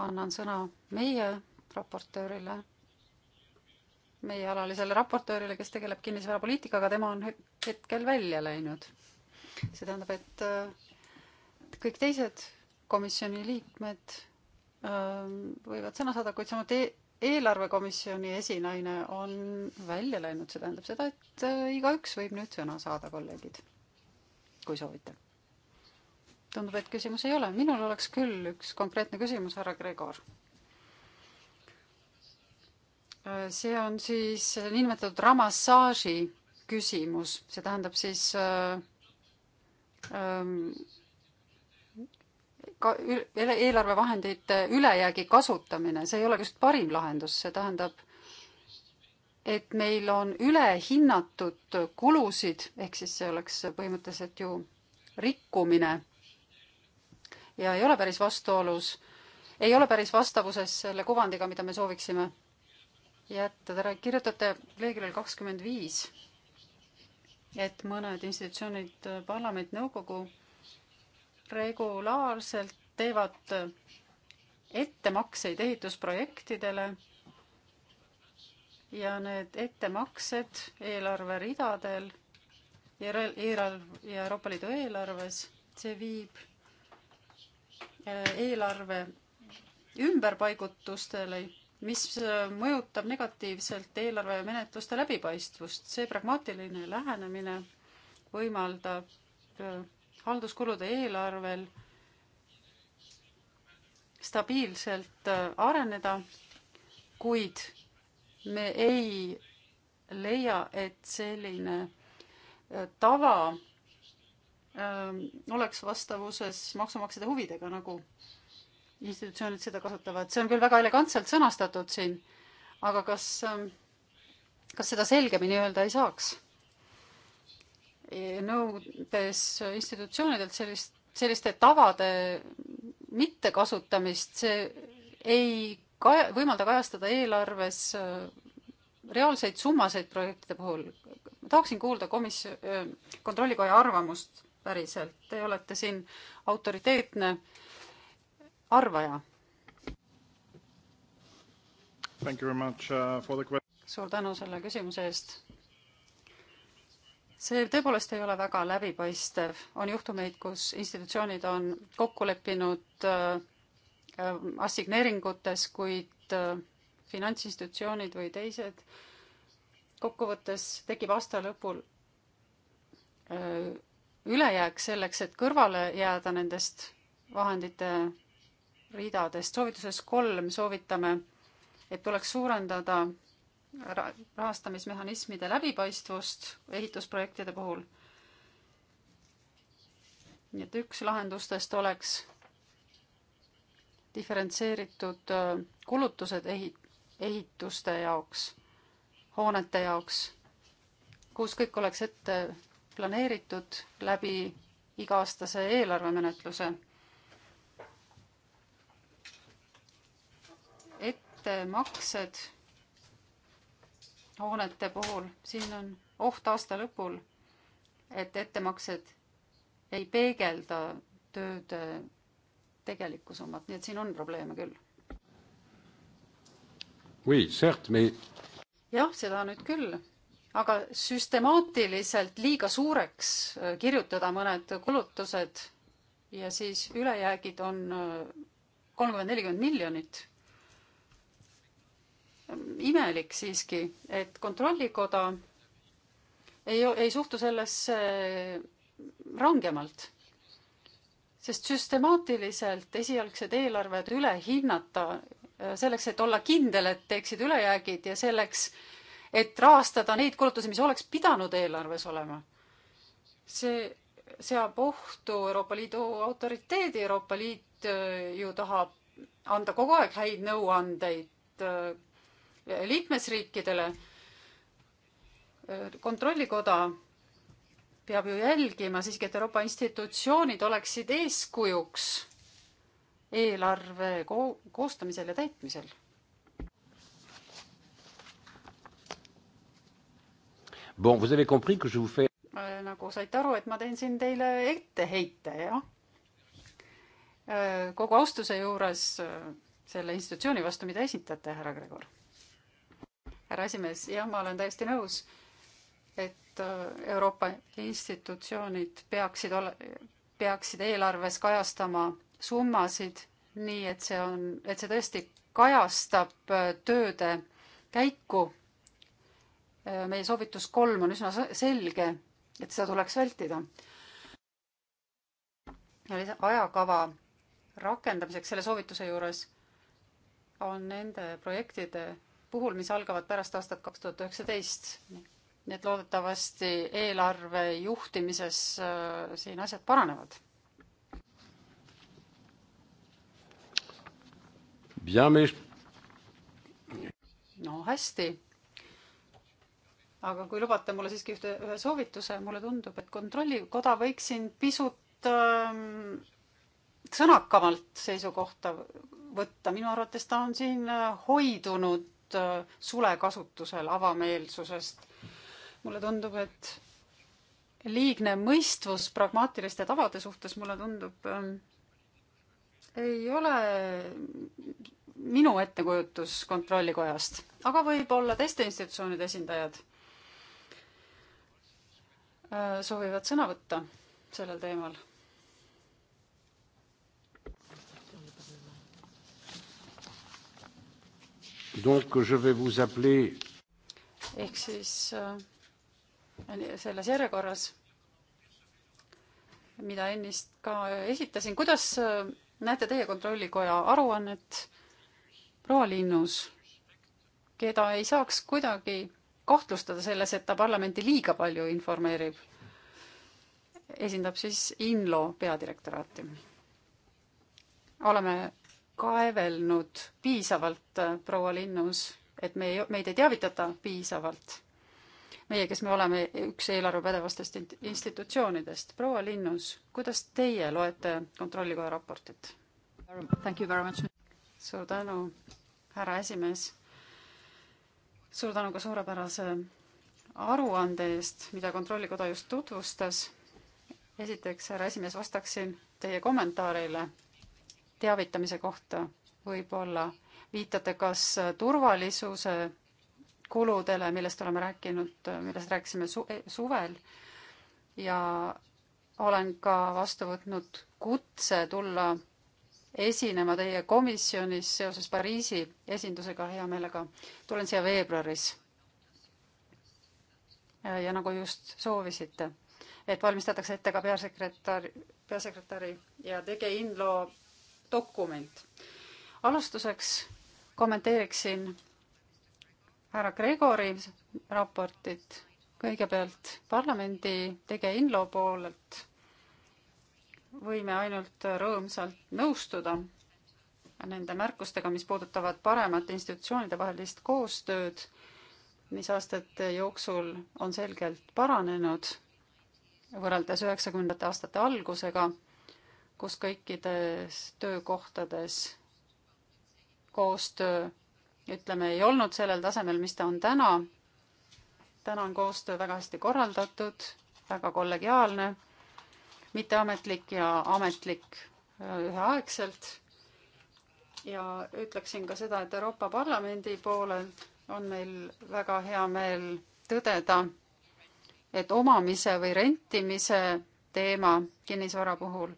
annan sõna meie raportöörile, meie alalisele raportöörile, kes tegeleb kinnisvarapoliitikaga, tema on hetkel välja läinud. see tähendab, et kõik teised komisjoni liikmed ähm, võivad sõna saada, kuid samuti e-, eelarvekomisjoni esinaine on välja läinud, see tähendab seda, et äh, igaüks võib nüüd sõna saada, kolleegid, kui soovite tundub, et küsimusi ei ole. minul oleks küll üks konkreetne küsimus, härra Gregor. see on siis niinimetatud ramassaaži küsimus, see tähendab siis äh, äh, ka eelarvevahendite ülejäägi kasutamine, see ei ole just parim lahendus, see tähendab, et meil on ülehinnatud kulusid, ehk siis see oleks põhimõtteliselt ju rikkumine ja ei ole päris vastuolus, ei ole päris vastavuses selle kuvandiga, mida me sooviksime jätta. Te kirjutate leheküljel kakskümmend viis, et mõned institutsioonid, parlament, nõukogu regulaarselt teevad ettemakseid ehitusprojektidele ja need ettemaksed eelarveridadel ja Euroopa Liidu eelarves, see viib Äh, eelarve ümberpaigutustele, mis äh, mõjutab negatiivselt eelarvemenetluste läbipaistvust. see pragmaatiline lähenemine võimaldab äh, halduskulude eelarvel stabiilselt areneda, kuid me ei leia, et selline tava Ähm, oleks vastavuses maksumaksjate huvidega, nagu institutsioonid seda kasutavad. see on küll väga elegantselt sõnastatud siin, aga kas, ähm, kas seda selgemini öelda ei saaks? nõudes institutsioonidelt sellist, selliste tavade mittekasutamist, see ei kaja, võimalda kajastada eelarves äh, reaalseid summasid projektide puhul. tahaksin kuulda komisjon, äh, kontrollikoja arvamust päriselt, te olete siin autoriteetne arvaja. Uh, suur tänu selle küsimuse eest. see tõepoolest ei ole väga läbipaistev, on juhtumeid, kus institutsioonid on kokku leppinud uh, assigneeringutes, kuid uh, finantsinstitutsioonid või teised kokkuvõttes tekib aasta lõpul ülejääk selleks, et kõrvale jääda nendest vahendite ridadest. soovituses kolm soovitame, et tuleks suurendada rahastamismehhanismide läbipaistvust ehitusprojektide puhul. nii et üks lahendustest oleks diferentseeritud äh, kulutused ehi-, ehituste jaoks, hoonete jaoks, kus kõik oleks ette planeeritud läbi iga-aastase eelarvemenetluse. ettemaksed hoonete puhul, siin on oht aasta lõpul, et ettemaksed ei peegelda tööde tegelikku summat, nii et siin on probleeme küll. jah, seda nüüd küll aga süstemaatiliselt liiga suureks äh, kirjutada mõned kulutused ja siis ülejäägid on äh, kolmkümmend, nelikümmend miljonit. imelik siiski, et Kontrollikoda ei, ei suhtu sellesse äh, rangemalt, sest süstemaatiliselt esialgsed eelarved üle hinnata selleks, et olla kindel, et teeksid ülejäägid ja selleks, et rahastada neid kulutusi, mis oleks pidanud eelarves olema. see seab ohtu Euroopa Liidu autoriteedi, Euroopa Liit äh, ju tahab anda kogu aeg häid nõuandeid äh, liikmesriikidele. Äh, kontrollikoda peab ju jälgima siiski, et Euroopa institutsioonid oleksid eeskujuks eelarve ko koostamisel ja täitmisel Bon, vous avez compris que je vous fais nagu saite aru, et ma teen siin teile etteheite, jah. kogu austuse juures selle institutsiooni vastu, mida esitate, härra Gregor. härra esimees, jah, ma olen täiesti nõus, et Euroopa institutsioonid peaksid ole, peaksid eelarves kajastama summasid nii, et see on, et see tõesti kajastab tööde käiku Äh, meie soovitus kolm on üsna selge, et seda tuleks vältida. ajakava rakendamiseks selle soovituse juures on nende projektide puhul, mis algavad pärast aastat kaks tuhat üheksateist. nii et loodetavasti eelarve juhtimises äh, siin asjad paranevad. no hästi aga kui lubate mulle siiski ühte, ühe soovituse, mulle tundub, et kontrollikoda võiks siin pisut ähm, sõnakamalt seisukohta võtta, minu arvates ta on siin äh, hoidunud äh, sule kasutusel avameelsusest. mulle tundub, et liigne mõistvus pragmaatiliste tavade suhtes, mulle tundub ähm,, ei ole minu ettekujutus Kontrollikojast, aga võib-olla teiste institutsioonide esindajad Äh, soovivad sõna võtta sellel teemal? ehk siis äh, selles järjekorras, mida ennist ka esitasin, kuidas äh, näete teie Kontrollikoja aruannet proua Linnus, keda ei saaks kuidagi kahtlustada selles, et ta parlamenti liiga palju informeerib. esindab siis INLO peadirektoraati. oleme kaevelnud piisavalt äh, proua Linnus, et me, meid ei teavitata piisavalt. meie, kes me oleme üks eelarvepädevastest institutsioonidest. proua Linnus, kuidas teie loete Kontrollikoja raportit? suur tänu, härra esimees suur tänu ka suurepärase aruande eest, mida Kontrollikoda just tutvustas. esiteks, härra esimees, vastaksin teie kommentaarile teavitamise kohta. võib-olla viitate kas turvalisuse kuludele, millest oleme rääkinud, millest rääkisime su eh, suvel ja olen ka vastu võtnud kutse tulla esinema teie komisjonis seoses Pariisi esindusega hea meelega. tulen siia veebruaris. ja nagu just soovisite, et valmistatakse ette ka peasekretär, peasekretäri ja tege Inlo dokument. alustuseks kommenteeriksin härra Gregori raportit kõigepealt parlamendi tege Inlo poolelt võime ainult rõõmsalt nõustuda nende märkustega, mis puudutavad paremat institutsioonide vahelist koostööd, mis aastate jooksul on selgelt paranenud võrreldes üheksakümnendate aastate algusega, kus kõikides töökohtades koostöö, ütleme, ei olnud sellel tasemel, mis ta on täna. täna on koostöö väga hästi korraldatud, väga kollegiaalne mitteametlik ja ametlik äh, üheaegselt. ja ütleksin ka seda, et Euroopa Parlamendi poolel on meil väga hea meel tõdeda, et omamise või rentimise teema kinnisvara puhul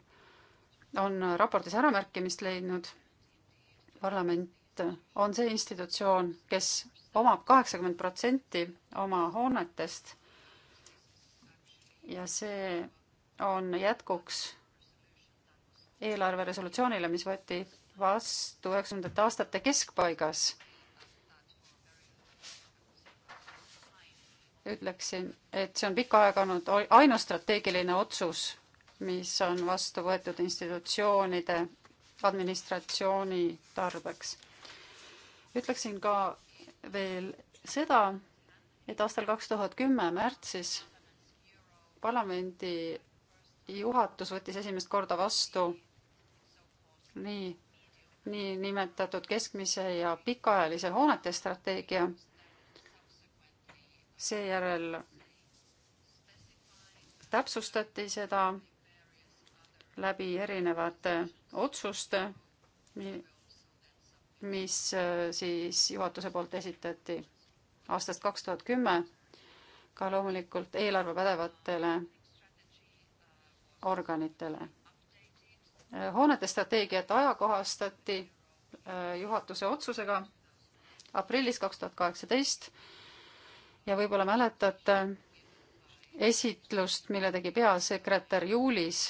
on raportis äramärkimist leidnud. parlament on see institutsioon, kes omab kaheksakümmend protsenti oma hoonetest. ja see on jätkuks eelarveresolutsioonile, mis võeti vastu üheksakümnendate aastate keskpaigas. ütleksin, et see on pikka aega olnud ainus strateegiline otsus, mis on vastu võetud institutsioonide administratsiooni tarbeks. ütleksin ka veel seda, et aastal kaks tuhat kümme märtsis parlamendi juhatus võttis esimest korda vastu nii, niinimetatud keskmise ja pikaajalise hoonete strateegia. seejärel täpsustati seda läbi erinevate otsuste, mis äh, siis juhatuse poolt esitati aastast kaks tuhat kümme, ka loomulikult eelarvepädevatele organitele. hoonete strateegiat ajakohastati äh, juhatuse otsusega aprillis kaks tuhat kaheksateist ja võib-olla mäletate esitlust, mille tegi peasekretär juulis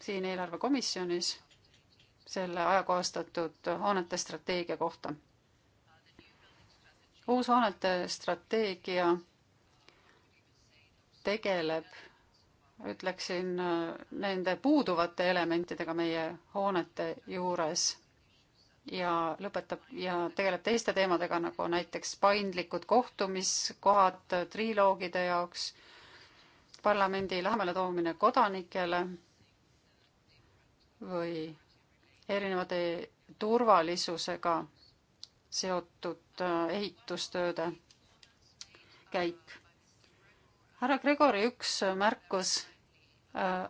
siin eelarvekomisjonis selle ajakohastatud hoonete strateegia kohta. uus hoonete strateegia tegeleb ütleksin, äh, nende puuduvate elementidega meie hoonete juures ja lõpetab ja tegeleb teiste teemadega, nagu näiteks paindlikud kohtumiskohad äh, triloogide jaoks, parlamendi lähemale toomine kodanikele või erinevate turvalisusega seotud äh, ehitustööde käik härra Gregori üks märkus äh,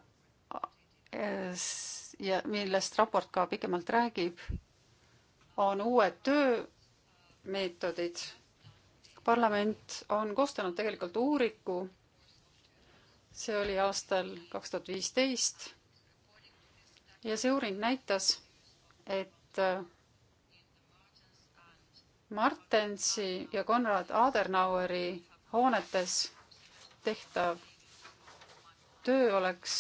ja millest raport ka pikemalt räägib, on uued töömeetodid. parlament on koostanud tegelikult uuriku, see oli aastal kaks tuhat viisteist ja see uuring näitas, et äh, Martensi ja Konrad Adenaueri hoonetes tehtav töö oleks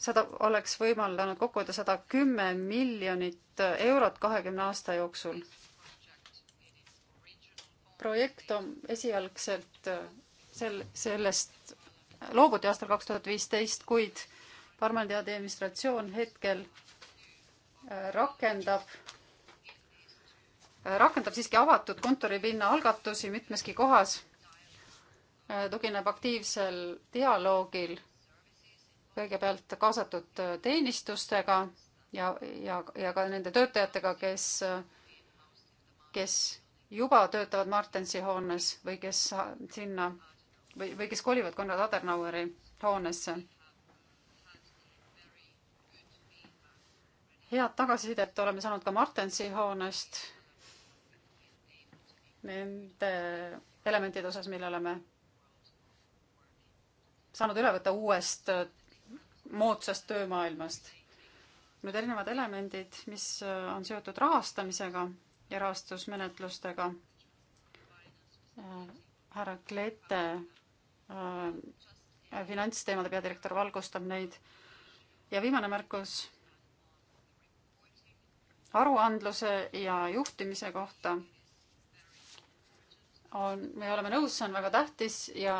sada, oleks võimaldanud kokku hoida sada kümme miljonit eurot kahekümne aasta jooksul. projekt on esialgselt sel, sellest loobuti aastal kaks tuhat viisteist, kuid parlamendi administratsioon hetkel äh, rakendab, äh, rakendab siiski avatud kontoripinna algatusi mitmeski kohas Äh, tugineb aktiivsel dialoogil kõigepealt kaasatud äh, teenistustega ja, ja, ja ka nende töötajatega, kes, äh, kes juba töötavad Martensi hoones või kes sinna või, või kes kolivad Konrad Adenaueri hoonesse. head tagasisidet oleme saanud ka Martensi hoonest. Nende elementide osas, mille oleme saanud üle võtta uuest äh, moodsast töömaailmast. nüüd erinevad elemendid, mis äh, on seotud rahastamisega ja rahastusmenetlustega. Äh, härra Klete, finantsteemade peadirektor valgustab neid. ja viimane märkus aruandluse ja juhtimise kohta on, me oleme nõus, see on väga tähtis ja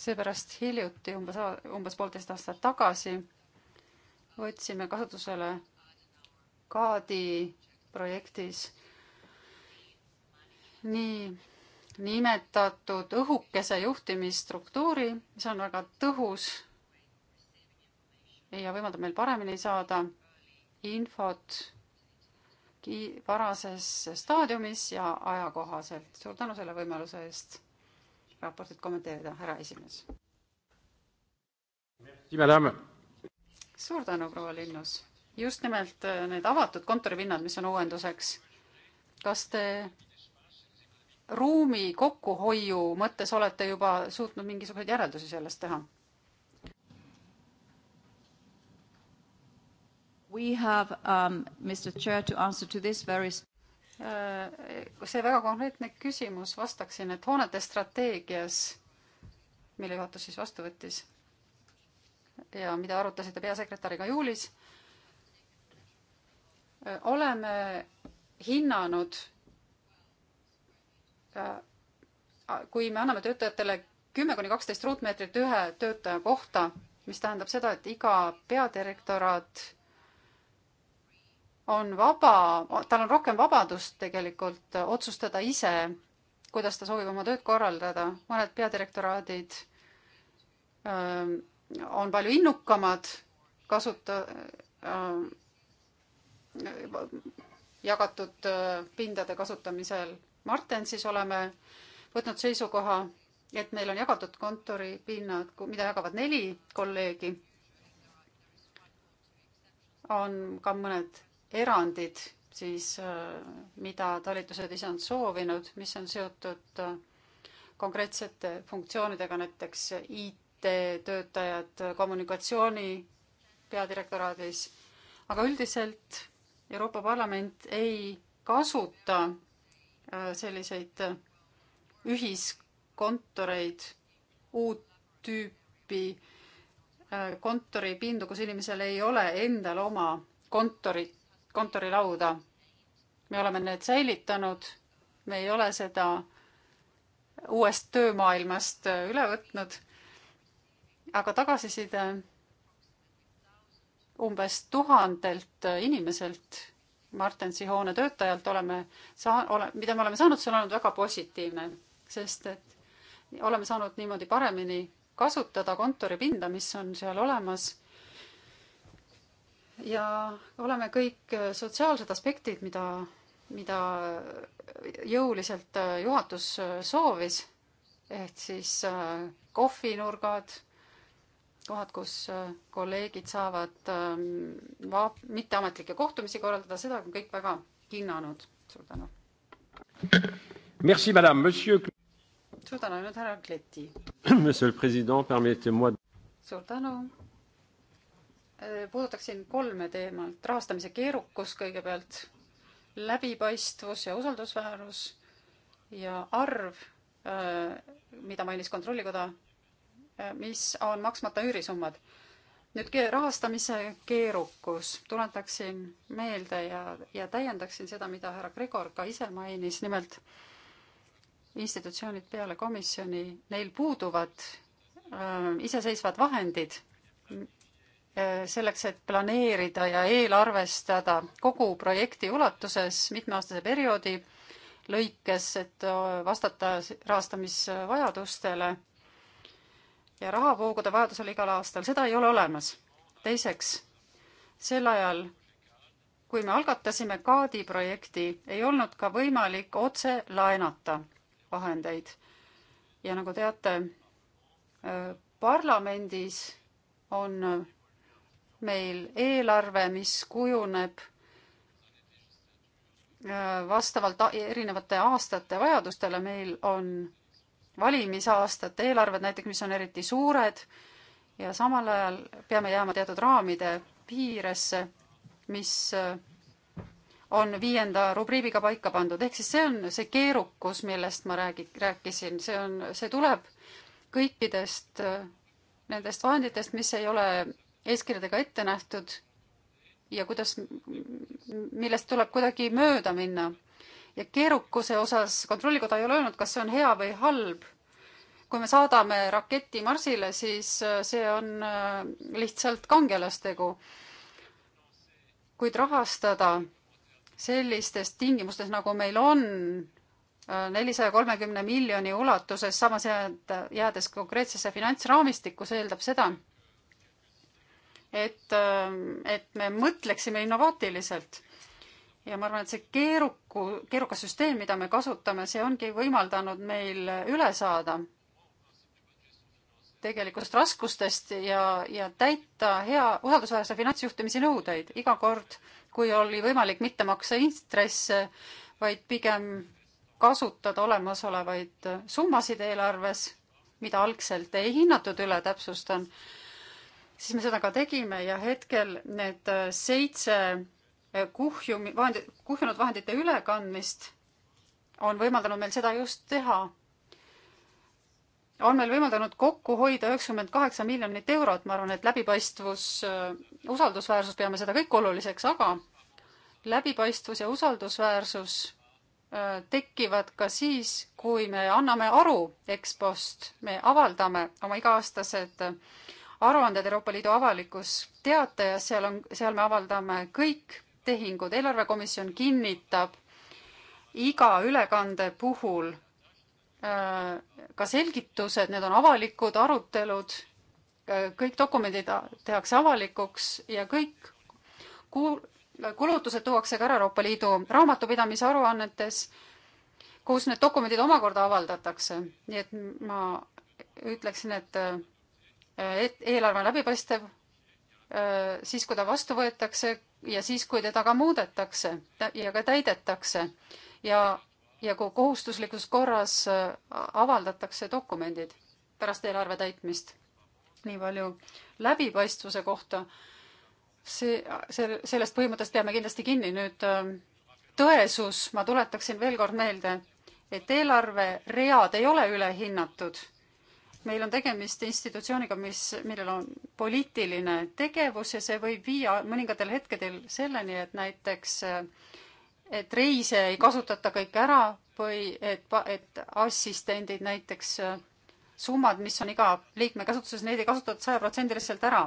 seepärast hiljuti, umbes, umbes poolteist aastat tagasi võtsime kasutusele Kaadi projektis nii nimetatud õhukese juhtimisstruktuuri, mis on väga tõhus ja võimaldab meil paremini saada infot varases staadiumis ja ajakohaselt. suur tänu selle võimaluse eest raportit kommenteerida, härra esimees. suur tänu, proua Linnus. just nimelt äh, need avatud kontoripinnad, mis on uuenduseks. kas te ruumi kokkuhoiu mõttes olete juba suutnud mingisuguseid järeldusi sellest teha? We have um, Mr Chair to answer to this very Äh, see väga konkreetne küsimus, vastaksin, et hoonete strateegias, mille juhatus siis vastu võttis ja mida arutasite peasekretäriga juulis, äh, oleme hinnanud, äh, kui me anname töötajatele kümme kuni kaksteist ruutmeetrit ühe töötaja kohta, mis tähendab seda, et iga peadirektoraat on vaba, tal on rohkem vabadust tegelikult otsustada ise, kuidas ta soovib oma tööd korraldada, mõned peadirektoraadid öö, ähm, on palju innukamad kasuta- öö, äh, jagatud öö, äh, pindade kasutamisel. Martensis oleme võtnud seisukoha, et meil on jagatud kontoripinnad, mida jagavad neli kolleegi. on ka mõned erandid siis, äh, mida talitused ise on soovinud, mis on seotud äh, konkreetsete funktsioonidega, näiteks IT-töötajad äh, kommunikatsiooni peadirektoraadis, aga üldiselt Euroopa Parlament ei kasuta selliseid ühiskontoreid, uut tüüpi kontoripindu, kus inimesel ei ole endal oma kontorit kontorilauda. me oleme need säilitanud, me ei ole seda uuest töömaailmast äh, üle võtnud. aga tagasiside umbes tuhandelt äh, inimeselt, Martensi hoone töötajalt oleme saa-, ole-, mida me oleme saanud, see on olnud väga positiivne, sest et oleme saanud niimoodi paremini kasutada kontoripinda, mis on seal olemas ja oleme kõik äh, sotsiaalsed aspektid, mida, mida jõuliselt äh, juhatus äh, soovis, ehk siis kohvinurgad, kohad, kus kolleegid saavad ähm, va-, mitteametlikke kohtumisi korraldada, seda on kõik väga hinnanud. suur tänu. Merci, madame, monsieur. suur tänu, nüüd härra Kleti. Monsieur le president, permettez-moi. suur tänu Äh, puudutaksin kolme teemalt. rahastamise keerukus kõigepealt, läbipaistvus ja usaldusväärus ja arv, äh, mida mainis Kontrollikoda, äh, mis on maksmata üürisummad. nüüd rahastamise keerukus, tuletaksin meelde ja, ja täiendaksin seda, mida härra Gregor ka ise mainis, nimelt institutsioonid peale komisjoni, neil puuduvad äh, iseseisvad vahendid Eh, selleks, et planeerida ja eelarvestada kogu projekti ulatuses mitmeaastase perioodi lõikes, et eh, vastata rahastamisvajadustele ja rahavoogude vajadusel igal aastal, seda ei ole olemas. teiseks, sel ajal, kui me algatasime Kaadi projekti, ei olnud ka võimalik otse laenata vahendeid. ja nagu teate, eh, parlamendis on meil eelarve, mis kujuneb äh, vastavalt erinevate aastate vajadustele, meil on valimisaastate eelarved näiteks, mis on eriti suured ja samal ajal peame jääma teatud raamide piiresse, mis äh, on viienda rubriigiga paika pandud, ehk siis see on see keerukus, millest ma räägi-, rääkisin, see on, see tuleb kõikidest äh, nendest vahenditest, mis ei ole eeskirjadega ette nähtud ja kuidas, millest tuleb kuidagi mööda minna. ja keerukuse osas Kontrollikoda ei ole öelnud, kas see on hea või halb. kui me saadame raketi Marsile, siis äh, see on äh, lihtsalt kangelastegu. kuid rahastada sellistes tingimustes, nagu meil on, äh, nelisaja kolmekümne miljoni ulatuses, samas jääd, jäädes konkreetsesse finantsraamistikku, see eeldab seda, et, ähm, et me mõtleksime innovaatiliselt. ja ma arvan, et see keeruku, keerukas süsteem, mida me kasutame, see ongi võimaldanud meil üle saada tegelikust raskustest ja, ja täita hea usaldusväärse finantsjuhtimise nõudeid iga kord, kui oli võimalik mitte maksta intresse, vaid pigem kasutada olemasolevaid summasid eelarves, mida algselt ei hinnatud üle, täpsustan siis me seda ka tegime ja hetkel need äh, seitse äh, kuhjumi, vahendi, kuhjunud vahendite ülekandmist on võimaldanud meil seda just teha. on meil võimaldanud kokku hoida üheksakümmend kaheksa miljonit eurot, ma arvan, et läbipaistvus, äh, usaldusväärsus, peame seda kõik oluliseks, aga läbipaistvus ja usaldusväärsus tekivad ka siis, kui me anname aru ekspost, me avaldame oma iga-aastased äh, aruanded Euroopa Liidu avalikus teatajas, seal on, seal me avaldame kõik tehingud, eelarvekomisjon kinnitab iga ülekande puhul äh, ka selgitused, need on avalikud arutelud, äh, kõik dokumendid tehakse avalikuks ja kõik kuul-, kulutused tuuakse ka ära Euroopa Liidu raamatupidamise aruannetes, kus need dokumendid omakorda avaldatakse, nii et ma ütleksin, et äh, eelarve on läbipaistev äh, siis, kui ta vastu võetakse ja siis, kui teda ka muudetakse ja ka täidetakse ja, ja kui kohustuslikus korras äh, avaldatakse dokumendid pärast eelarve täitmist. nii palju läbipaistvuse kohta. see, see, sellest põhimõttest peame kindlasti kinni. nüüd äh, tõesus, ma tuletaksin veel kord meelde, et eelarveread ei ole ülehinnatud meil on tegemist institutsiooniga, mis, millel on poliitiline tegevus ja see võib viia mõningatel hetkedel selleni, et näiteks, et reise ei kasutata kõik ära või et, et assistendid näiteks summad, mis on iga liikme käsutuses, neid ei kasutata sajaprotsendiliselt ära.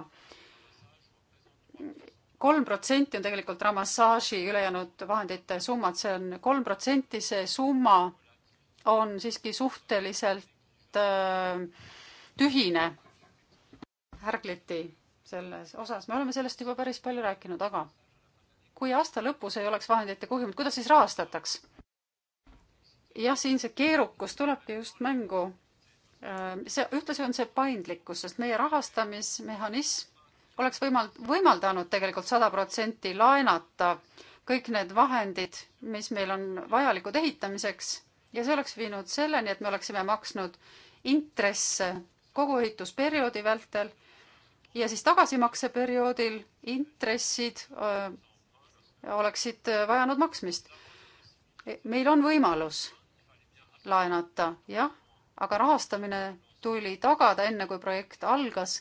kolm protsenti on tegelikult ramassaaži ülejäänud vahendite summad, see on kolm protsenti, see summa on siiski suhteliselt suhteliselt äh, tühine Härgliti selles osas, me oleme sellest juba päris palju rääkinud, aga kui aasta lõpus ei oleks vahendite kuhjumit, kuidas siis rahastataks? jah, siin see keerukus tulebki just mängu. Äh, see, ühtlasi on see paindlikkus, sest meie rahastamismehhanism oleks võimal-, võimaldanud tegelikult sada protsenti laenata kõik need vahendid, mis meil on vajalikud ehitamiseks ja see oleks viinud selleni, et me oleksime maksnud intresse kogu ehitusperioodi vältel ja siis tagasimakseperioodil intressid öö, äh, oleksid vajanud maksmist. E, meil on võimalus laenata, jah, aga rahastamine tuli tagada enne, kui projekt algas,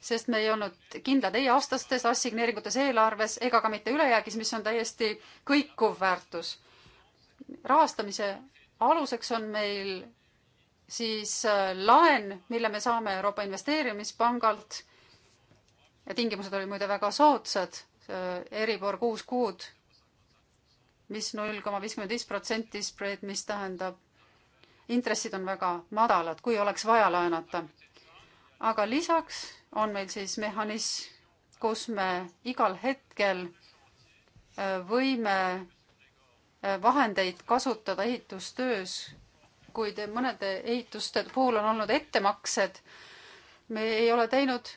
sest me ei olnud kindlad ei aastastes assigneeringutes eelarves ega ka mitte ülejäägis, mis on täiesti kõikuv väärtus. rahastamise aluseks on meil siis äh, laen, mille me saame Euroopa Investeerimispangalt ja tingimused olid muide väga soodsad, äh, Euribor kuus kuud, mis null koma viiskümmend viis protsenti spread, mis tähendab, intressid on väga madalad, kui oleks vaja laenata. aga lisaks on meil siis mehhanism, kus me igal hetkel äh, võime vahendeid kasutada ehitustöös kuid mõnede ehituste puhul on olnud ettemaksed. me ei ole teinud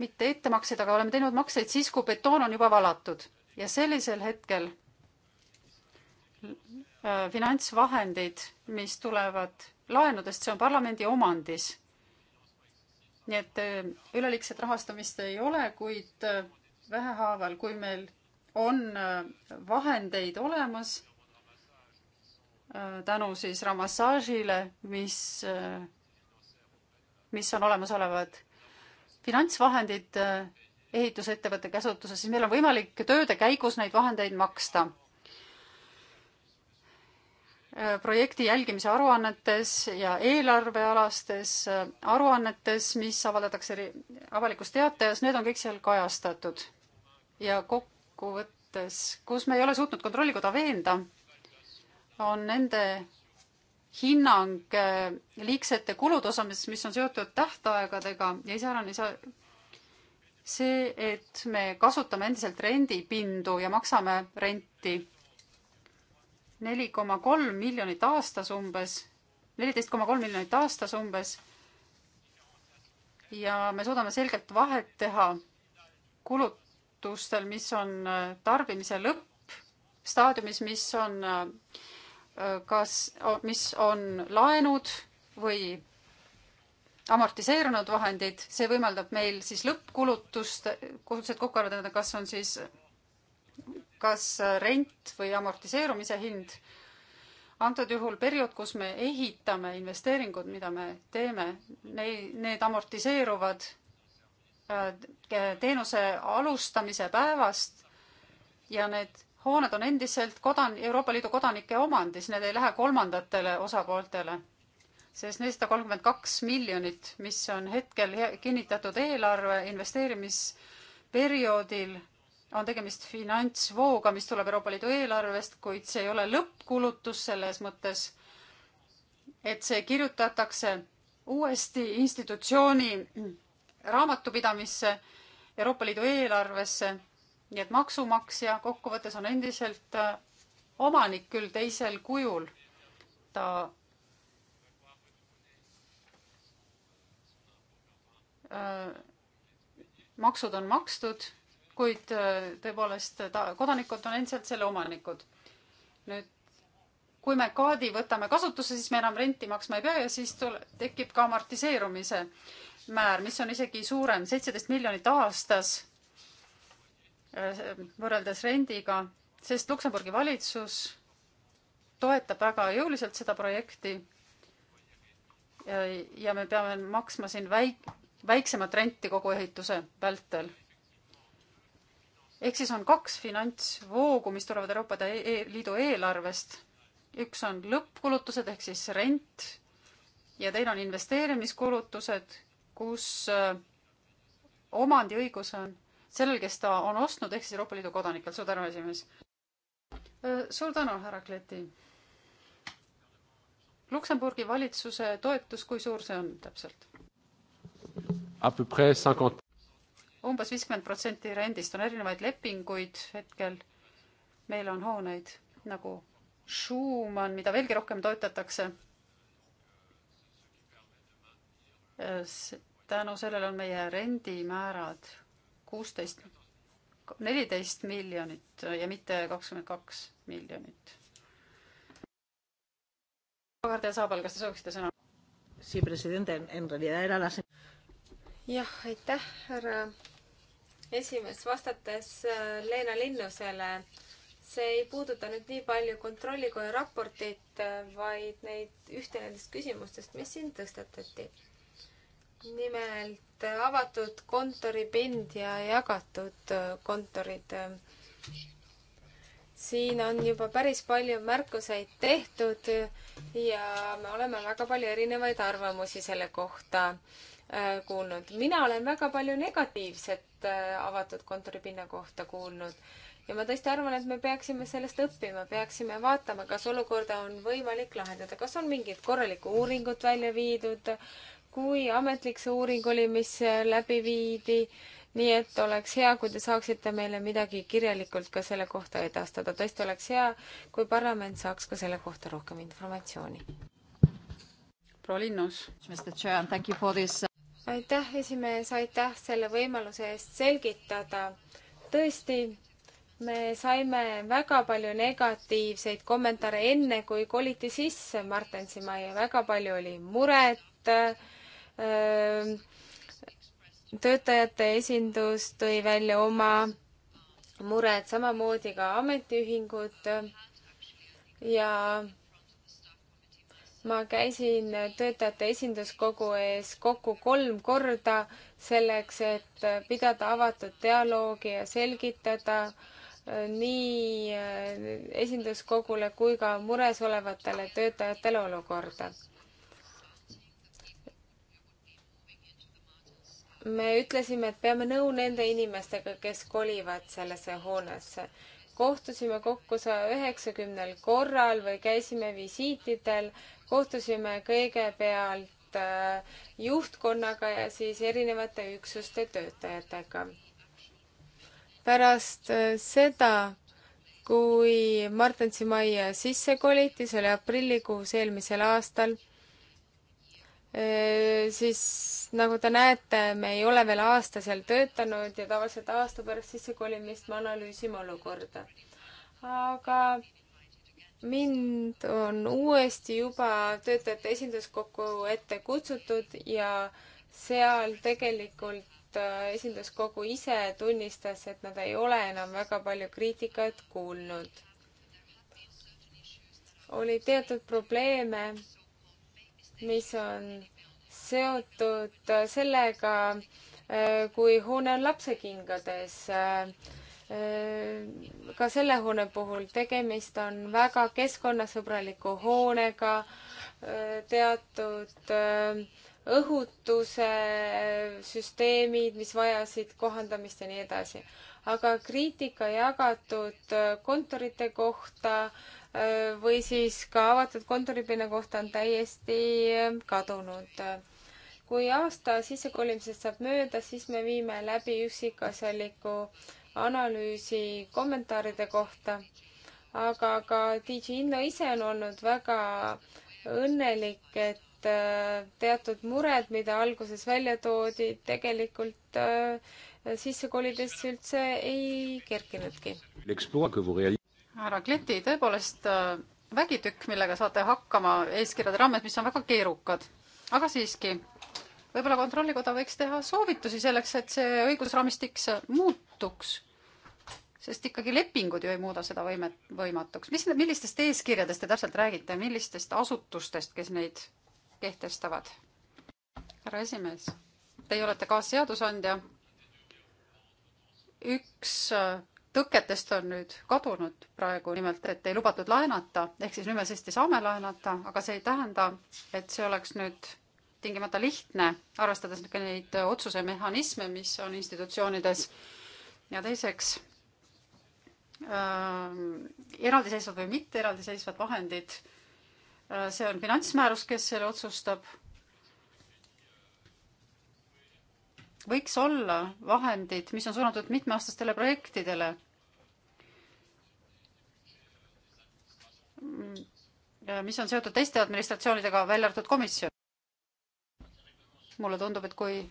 mitte ettemakseid, aga oleme teinud makseid siis, kui betoon on juba valatud ja sellisel hetkel äh, finantsvahendid, mis tulevad laenudest, see on parlamendi omandis. nii et äh, üleliigset rahastamist ei ole, kuid äh, vähehaaval, kui meil on vahendeid olemas Äh, tänu siis Ramassažile, mis, äh, mis on olemasolevad finantsvahendid äh, ehitusettevõtte käsutuses, siis meil on võimalik tööde käigus neid vahendeid maksta. projekti jälgimise aruannetes ja eelarvealastes aruannetes, mis avaldatakse avalikus teatajas, need on kõik seal kajastatud. ja kokkuvõttes, kus me ei ole suutnud Kontrollikoda veenda on nende hinnang eh, liigsete kulude osas, mis on seotud tähtaegadega ja iseäranis see, et me kasutame endiselt rendipindu ja maksame renti neli koma kolm miljonit aastas umbes, neliteist koma kolm miljonit aastas umbes. ja me suudame selgelt vahet teha kulutustel, mis on eh, tarbimise lõppstaadiumis, mis on äh, kas, mis on laenud või amortiseerunud vahendid, see võimaldab meil siis lõppkulutust, kulutused kokku arvata, kas on siis, kas rent või amortiseerumise hind. antud juhul periood, kus me ehitame investeeringud, mida me teeme, neid, need amortiseeruvad äh, teenuse alustamise päevast ja need hooned on endiselt kodan-, Euroopa Liidu kodanike omandis, need ei lähe kolmandatele osapooltele. sest nelisada kolmkümmend kaks miljonit, mis on hetkel kinnitatud eelarve investeerimisperioodil, on tegemist finantsvooga, mis tuleb Euroopa Liidu eelarvest, kuid see ei ole lõppkulutus selles mõttes, et see kirjutatakse uuesti institutsiooni raamatupidamisse, Euroopa Liidu eelarvesse nii et maksumaksja kokkuvõttes on endiselt äh, omanik küll teisel kujul. ta äh, maksud on makstud, kuid äh, tõepoolest ta, kodanikud on endiselt selle omanikud. nüüd kui me kaadi võtame kasutusse, siis me enam renti maksma ei pea ja siis tule, tekib ka amortiseerumise määr, mis on isegi suurem, seitseteist miljonit aastas võrreldes rendiga, sest Luksemburgi valitsus toetab väga jõuliselt seda projekti. ja me peame maksma siin väik-, väiksemat renti kogu ehituse vältel. ehk siis on kaks finantsvoogu, mis tulevad Euroopa e-, Liidu eelarvest. üks on lõppkulutused ehk siis rent ja teine on investeerimiskulutused, kus äh, omandiõigus on sellel, kes ta on ostnud, ehk siis Euroopa Liidu kodanikel. suur tänu, esimees. suur tänu, härra Kleti. Luksemburgi valitsuse toetus, kui suur see on täpselt? umbes viiskümmend protsenti rendist on erinevaid lepinguid hetkel. meil on hooneid nagu Schumann, mida veelgi rohkem toetatakse tänu sellele on meie rendimäärad kuusteist, neliteist miljonit ja mitte kakskümmend kaks miljonit. Kardja Saabal, kas te sooviksite sõna? jah, aitäh, härra esimees, vastates äh, Leena Linnusele see ei puuduta nüüd nii palju kontrollikoja raportit, äh, vaid neid, ühte nendest küsimustest, mis siin tõstatati. nimelt et avatud kontoripind ja jagatud kontorid. siin on juba päris palju märkuseid tehtud ja me oleme väga palju erinevaid arvamusi selle kohta äh, kuulnud. mina olen väga palju negatiivset äh, avatud kontoripinna kohta kuulnud ja ma tõesti arvan, et me peaksime sellest õppima, peaksime vaatama, kas olukorda on võimalik lahendada, kas on mingit korralikku uuringut välja viidud, kui ametlik see uuring oli, mis läbi viidi, nii et oleks hea, kui te saaksite meile midagi kirjalikult ka selle kohta edastada. tõesti oleks hea, kui parlament saaks ka selle kohta rohkem informatsiooni. proua Linnus. Uh, aitäh, esimees, aitäh selle võimaluse eest selgitada. tõesti, me saime väga palju negatiivseid kommentaare enne, kui koliti sisse Martensi majja, väga palju oli muret töötajate esindus tõi välja oma mured, samamoodi ka ametiühingud ja ma käisin töötajate esinduskogu ees kokku kolm korda selleks, et pidada avatud dialoogi ja selgitada nii esinduskogule kui ka mures olevatele töötajatele olukorda. me ütlesime, et peame nõu nende inimestega, kes kolivad sellesse hoonesse. kohtusime kokku saja üheksakümnel korral või käisime visiitidel, kohtusime kõigepealt äh, juhtkonnaga ja siis erinevate üksuste töötajatega. pärast äh, seda, kui Martin Simaia sisse koliti, see oli aprillikuus eelmisel aastal siis nagu te näete, me ei ole veel aasta seal töötanud ja tavaliselt aasta pärast sissekolimist me analüüsime olukorda. aga mind on uuesti juba töötajate esinduskokku ette kutsutud ja seal tegelikult äh, esinduskogu ise tunnistas, et nad ei ole enam väga palju kriitikat kuulnud. oli teatud probleeme mis on seotud sellega, äh, kui hoone on lapsekingades. Äh, ka selle hoone puhul tegemist on väga keskkonnasõbraliku hoonega, äh, teatud õhutuse süsteemid, mis vajasid kohandamist ja nii edasi. aga kriitika jagatud kontorite kohta äh, või siis ka avatud kontoripinna kohta on täiesti ähm, kadunud. kui aasta sissekolimisest saab mööda, siis me viime läbi üksikasjaliku analüüsi kommentaaride kohta. aga ka DJ Inno ise on olnud väga õnnelik, et äh, teatud mured, mida alguses välja toodi, tegelikult äh, sisse kolides üldse ei kerkinudki härra Kleti, tõepoolest äh, vägitükk, millega saate hakkama eeskirjade raames, mis on väga keerukad, aga siiski võib-olla Kontrollikoda võiks teha soovitusi selleks, et see õigusraamistik muutuks. sest ikkagi lepingud ju ei muuda seda võimet võimatuks. mis, millistest eeskirjadest te täpselt räägite, millistest asutustest, kes neid kehtestavad? härra esimees, teie olete kaasseadusandja. üks äh, tõketest on nüüd kadunud praegu nimelt, et ei lubatud laenata, ehk siis nüüd me tõesti saame laenata, aga see ei tähenda, et see oleks nüüd tingimata lihtne, arvestades neid otsuse mehhanisme, mis on institutsioonides. ja teiseks äh,, eraldiseisvad või mitte eraldiseisvad vahendid äh,, see on finantsmäärus, kes selle otsustab võiks olla vahendid, mis on suunatud mitmeaastastele projektidele. mis on seotud teiste administratsioonidega, välja arvatud komisjon. mulle tundub, et kui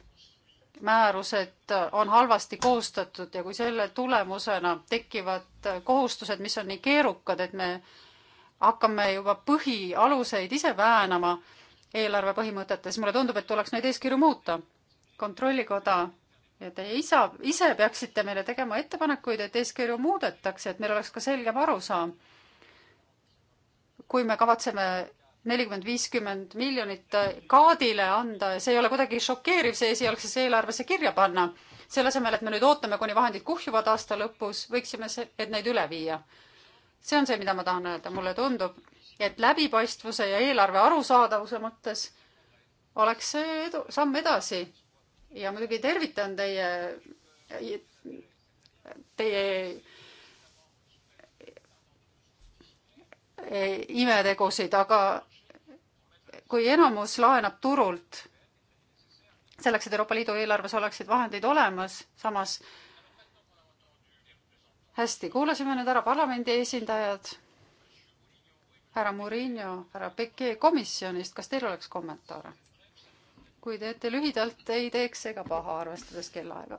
määrused on halvasti koostatud ja kui selle tulemusena tekivad kohustused, mis on nii keerukad, et me hakkame juba põhialuseid ise väänama eelarve põhimõtetes, mulle tundub, et tuleks neid eeskirju muuta kontrollikoda ja teie isa, ise peaksite meile tegema ettepanekuid, et eeskirju muudetakse, et meil oleks ka selgem arusaam. kui me kavatseme nelikümmend, viiskümmend miljonit kaadile anda ja see ei ole kuidagi šokeeriv, see esialgsesse eelarvesse kirja panna, selle asemel, et me nüüd ootame, kuni vahendid kuhjuvad aasta lõpus, võiksime see, et neid üle viia. see on see, mida ma tahan öelda, mulle tundub, et läbipaistvuse ja eelarve arusaadavuse mõttes oleks see edu, samm edasi ja muidugi tervitan teie, teie imetegusid, aga kui enamus laenab turult, selleks, et Euroopa Liidu eelarves oleksid vahendid olemas, samas hästi, kuulasime nüüd ära parlamendi esindajad, härra Murillo, härra Peke komisjonist, kas teil oleks kommentaare? kui teete lühidalt, ei teeks see ka paha, arvestades kellaaega.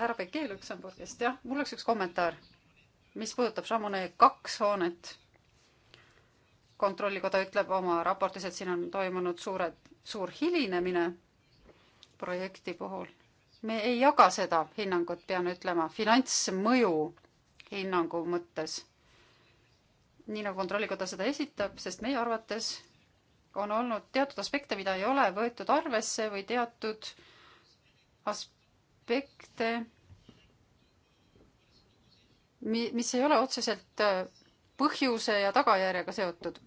härra Beke Luksemburgist, jah, mul oleks üks kommentaar, mis puudutab Chamonix kaks hoonet. kontrollikoda ütleb oma raportis, et siin on toimunud suured, suur hilinemine projekti puhul. me ei jaga seda hinnangut, pean ütlema, finantsmõju hinnangu mõttes nii nagu kontrollikoda seda esitab, sest meie arvates on olnud teatud aspekte, mida ei ole võetud arvesse või teatud aspekte, mi-, mis ei ole otseselt äh, põhjuse ja tagajärjega seotud.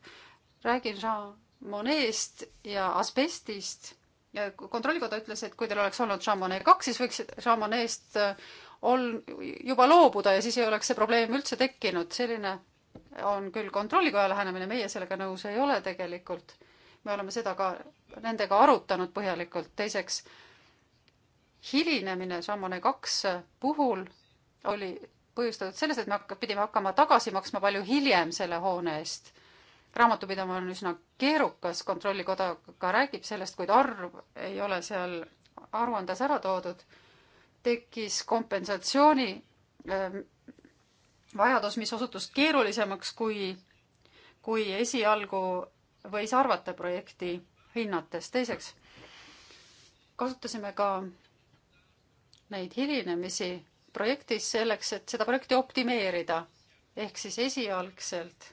räägin Jean Monnet'st ja asbestist ja kontrollikoda ütles, et kui teil oleks olnud Jean Monnet kaks, siis võiks Jean Monnet'st äh, ol-, juba loobuda ja siis ei oleks see probleem üldse tekkinud, selline on küll kontrollikoja lähenemine, meie sellega nõus ei ole tegelikult me oleme seda ka nendega arutanud põhjalikult, teiseks hilinemine Sammone kaks puhul oli põhjustatud sellest, et me hakka, pidime hakkama tagasi maksma palju hiljem selle hoone eest. raamatupidamine on üsna keerukas, Kontrollikoda ka räägib sellest, kuid arv ei ole seal aruandes ära toodud. tekkis kompensatsiooni ähm, vajadus, mis osutus keerulisemaks, kui, kui esialgu võis arvata projekti hinnates. teiseks kasutasime ka neid hilinemisi projektis selleks, et seda projekti optimeerida ehk siis esialgselt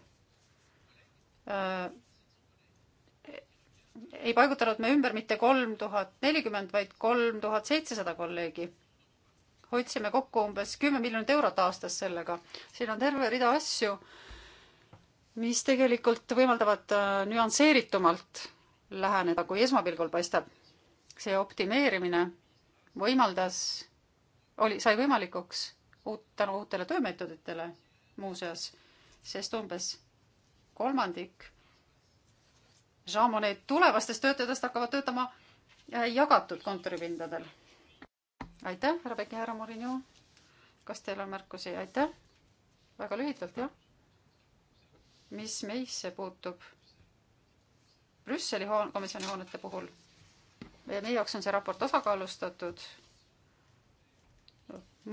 äh, ei paigutanud me ümber mitte kolm tuhat nelikümmend, vaid kolm tuhat seitsesada kolleegi. hoidsime kokku umbes kümme miljonit eurot aastas sellega. siin on terve rida asju äh,, mis tegelikult võimaldavad äh, nüansseeritumalt läheneda, kui esmapilgul paistab. see optimeerimine võimaldas, oli, sai võimalikuks uut, tänu uutele töömeetoditele muuseas, sest umbes kolmandik Jean Monnet tulevastest töötajatest hakkavad töötama äh, jagatud kontoripindadel. aitäh, härra Pekki, härra Morinio. kas teil on märkusi? aitäh. väga lühidalt, jah mis meisse puutub Brüsseli hoon-, komisjoni hoonete puhul, meie jaoks on see raport tasakaalustatud,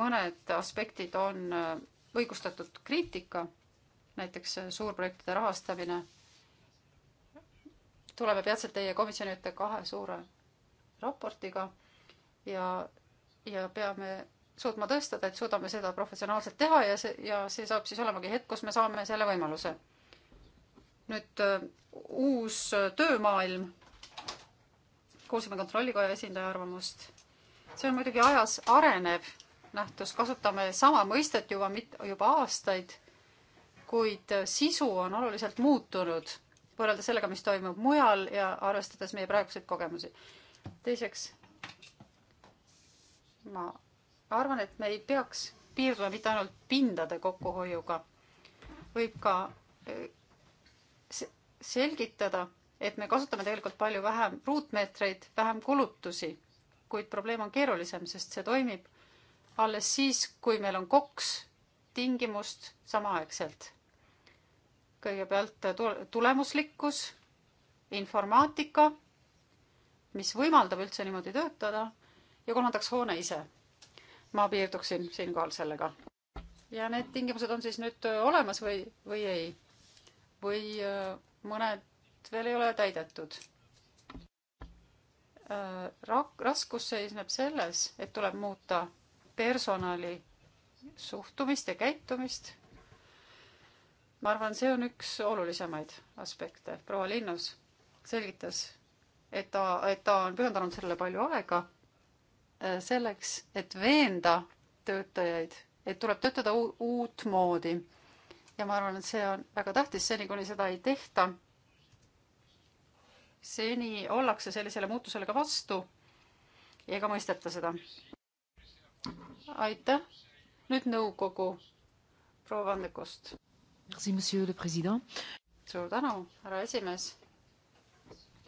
mõned aspektid on äh, õigustatud kriitika, näiteks äh, suurprojektide rahastamine, tuleme peatselt teie komisjoni ette kahe suure raportiga ja, ja peame suutma tõestada, et suudame seda professionaalselt teha ja see, ja see saab siis olemagi hetk, kus me saame selle võimaluse nüüd äh, uus äh, töömaailm, kuulsime Kontrollikoja esindaja arvamust. see on muidugi ajas arenev nähtus, kasutame sama mõistet juba mit-, juba aastaid, kuid äh, sisu on oluliselt muutunud võrreldes sellega, mis toimub mujal ja arvestades meie praeguseid kogemusi. teiseks, ma arvan, et me ei peaks piirduma mitte ainult pindade kokkuhoiuga, võib ka selgitada, et me kasutame tegelikult palju vähem ruutmeetreid, vähem kulutusi, kuid probleem on keerulisem, sest see toimib alles siis, kui meil on koks tingimust samaaegselt. kõigepealt tulemuslikkus, informaatika, mis võimaldab üldse niimoodi töötada ja kolmandaks hoone ise. ma piirduksin siinkohal sellega. ja need tingimused on siis nüüd olemas või, või ei või äh, mõned veel ei ole täidetud. Äh, rak-, raskus seisneb selles, et tuleb muuta personali suhtumist ja käitumist. ma arvan, see on üks olulisemaid aspekte. proua Linnus selgitas, et ta, et ta on pühendanud sellele palju aega äh, selleks, et veenda töötajaid, et tuleb töötada uutmoodi. Uut ja ma arvan, et see on väga tähtis, seni kuni seda ei tehta, seni ollakse sellisele muutusele ka vastu ega mõisteta seda. aitäh, nüüd nõukogu, proua Vandekust. suur tänu, härra esimees.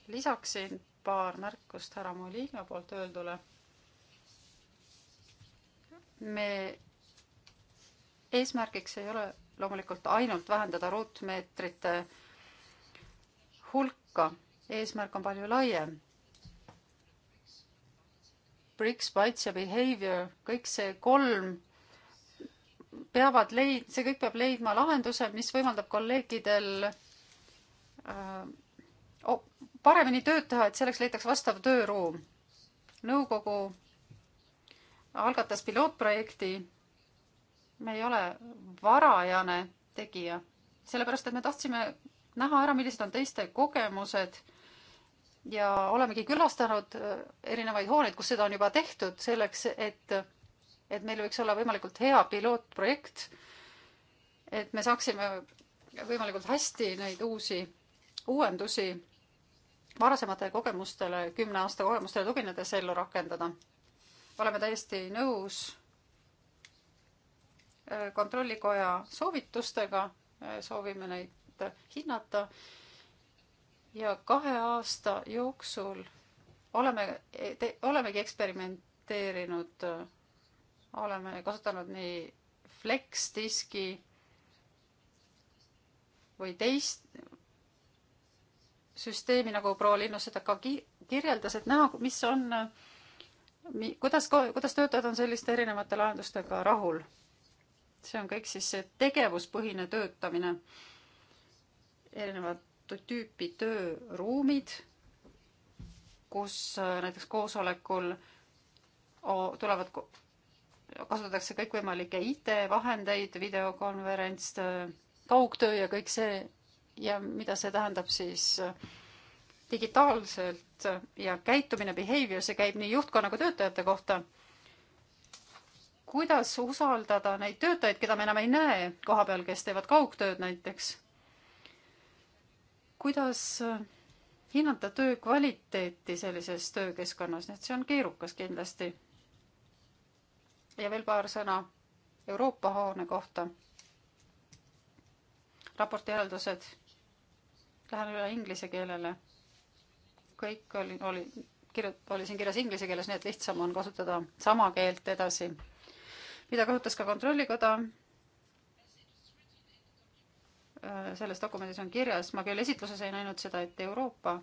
lisaksin paar märkust härra Molina poolt öeldule. me eesmärgiks ei ole loomulikult ainult vähendada ruutmeetrite hulka, eesmärk on palju laiem. BRICS, BITES ja behavior, kõik see kolm peavad leid-, see kõik peab leidma lahenduse, mis võimaldab kolleegidel äh, oh, paremini tööd teha, et selleks leitakse vastav tööruum. nõukogu algatas pilootprojekti me ei ole varajane tegija, sellepärast et me tahtsime näha ära, millised on teiste kogemused ja olemegi külastanud äh, erinevaid hooneid, kus seda on juba tehtud, selleks et, et meil võiks olla võimalikult hea pilootprojekt, et me saaksime võimalikult hästi neid uusi uuendusi varasematele kogemustele, kümne aasta kogemustele tuginedes ellu rakendada. oleme täiesti nõus kontrollikoja soovitustega, soovime neid hinnata. ja kahe aasta jooksul oleme, olemegi eksperimenteerinud, oleme kasutanud nii Flex diski või teist süsteemi, nagu proua Linnus seda ka kirjeldas, et näha, mis on, kuidas, kuidas töötajad on selliste erinevate lahendustega rahul see on kõik siis see tegevuspõhine töötamine, erinevat tüüpi tööruumid, kus äh, näiteks koosolekul tulevad, kasutatakse kõikvõimalikke IT-vahendeid, videokonverents, äh, kaugtöö ja kõik see ja mida see tähendab siis äh, digitaalselt ja käitumine, behavior, see käib nii juhtkonna kui töötajate kohta kuidas usaldada neid töötajaid, keda me enam ei näe koha peal, kes teevad kaugtööd näiteks? kuidas äh, hinnata töö kvaliteeti sellises töökeskkonnas, nii et see on keerukas kindlasti. ja veel paar sõna Euroopa hoone kohta. raporti järeldused. Lähen üle inglise keelele. kõik oli, oli kirjut-, oli siin kirjas inglise keeles, nii et lihtsam on kasutada sama keelt edasi mida kasutas ka Kontrollikoda. selles dokumendis on kirjas, ma küll esitluses ei näinud seda, et Euroopa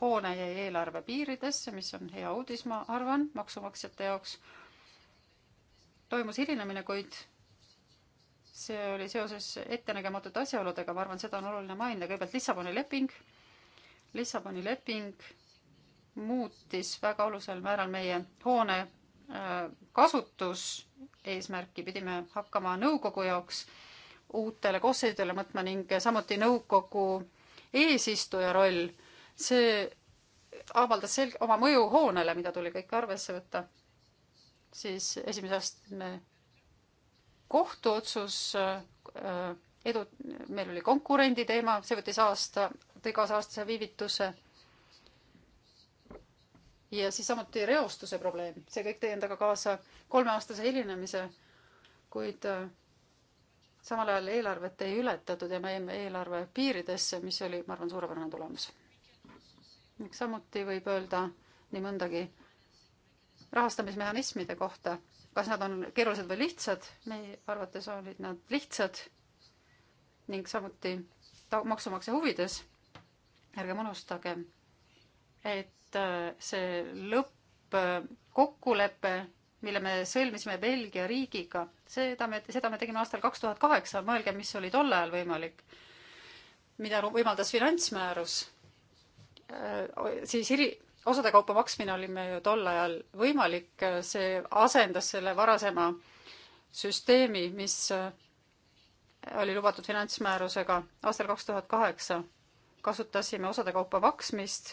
hoone jäi eelarve piiridesse, mis on hea uudis, ma arvan, maksumaksjate jaoks. toimus hilinemine, kuid see oli seoses ettenägematute asjaoludega, ma arvan, seda on oluline mainida, kõigepealt Lissaboni leping. Lissaboni leping muutis väga olulisel määral meie hoone kasutuseesmärki pidime hakkama nõukogu jaoks uutele koosseisudele mõtma ning samuti nõukogu eesistuja roll, see avaldas sel-, oma mõju hoonele, mida tuli kõik arvesse võtta. siis esimese astme kohtuotsus, äh, edu, meil oli konkurendi teema, see võttis aasta, tõi kaasa aastase viivituse ja siis samuti reostuse probleem, see kõik tõi endaga kaasa kolmeaastase hilinemise, kuid äh, samal ajal eelarvet ei ületatud ja me jäime eelarve piiridesse, mis oli, ma arvan, suurepärane tulemus. samuti võib öelda nii mõndagi rahastamismehhanismide kohta, kas nad on keerulised või lihtsad, meie arvates olid nad lihtsad ning samuti maksumaksja huvides. ärgem unustagem, et äh, see lõppkokkulepe, äh, mille me sõlmisime Belgia riigiga, seda me, seda me tegime aastal kaks tuhat kaheksa, mõelge, mis oli tol ajal võimalik, mida võimaldas finantsmäärus, äh, siis iri-, osade kaupa maksmine oli meil ju tol ajal võimalik, see asendas selle varasema süsteemi, mis oli lubatud finantsmäärusega aastal kaks tuhat kaheksa. kasutasime osade kaupa maksmist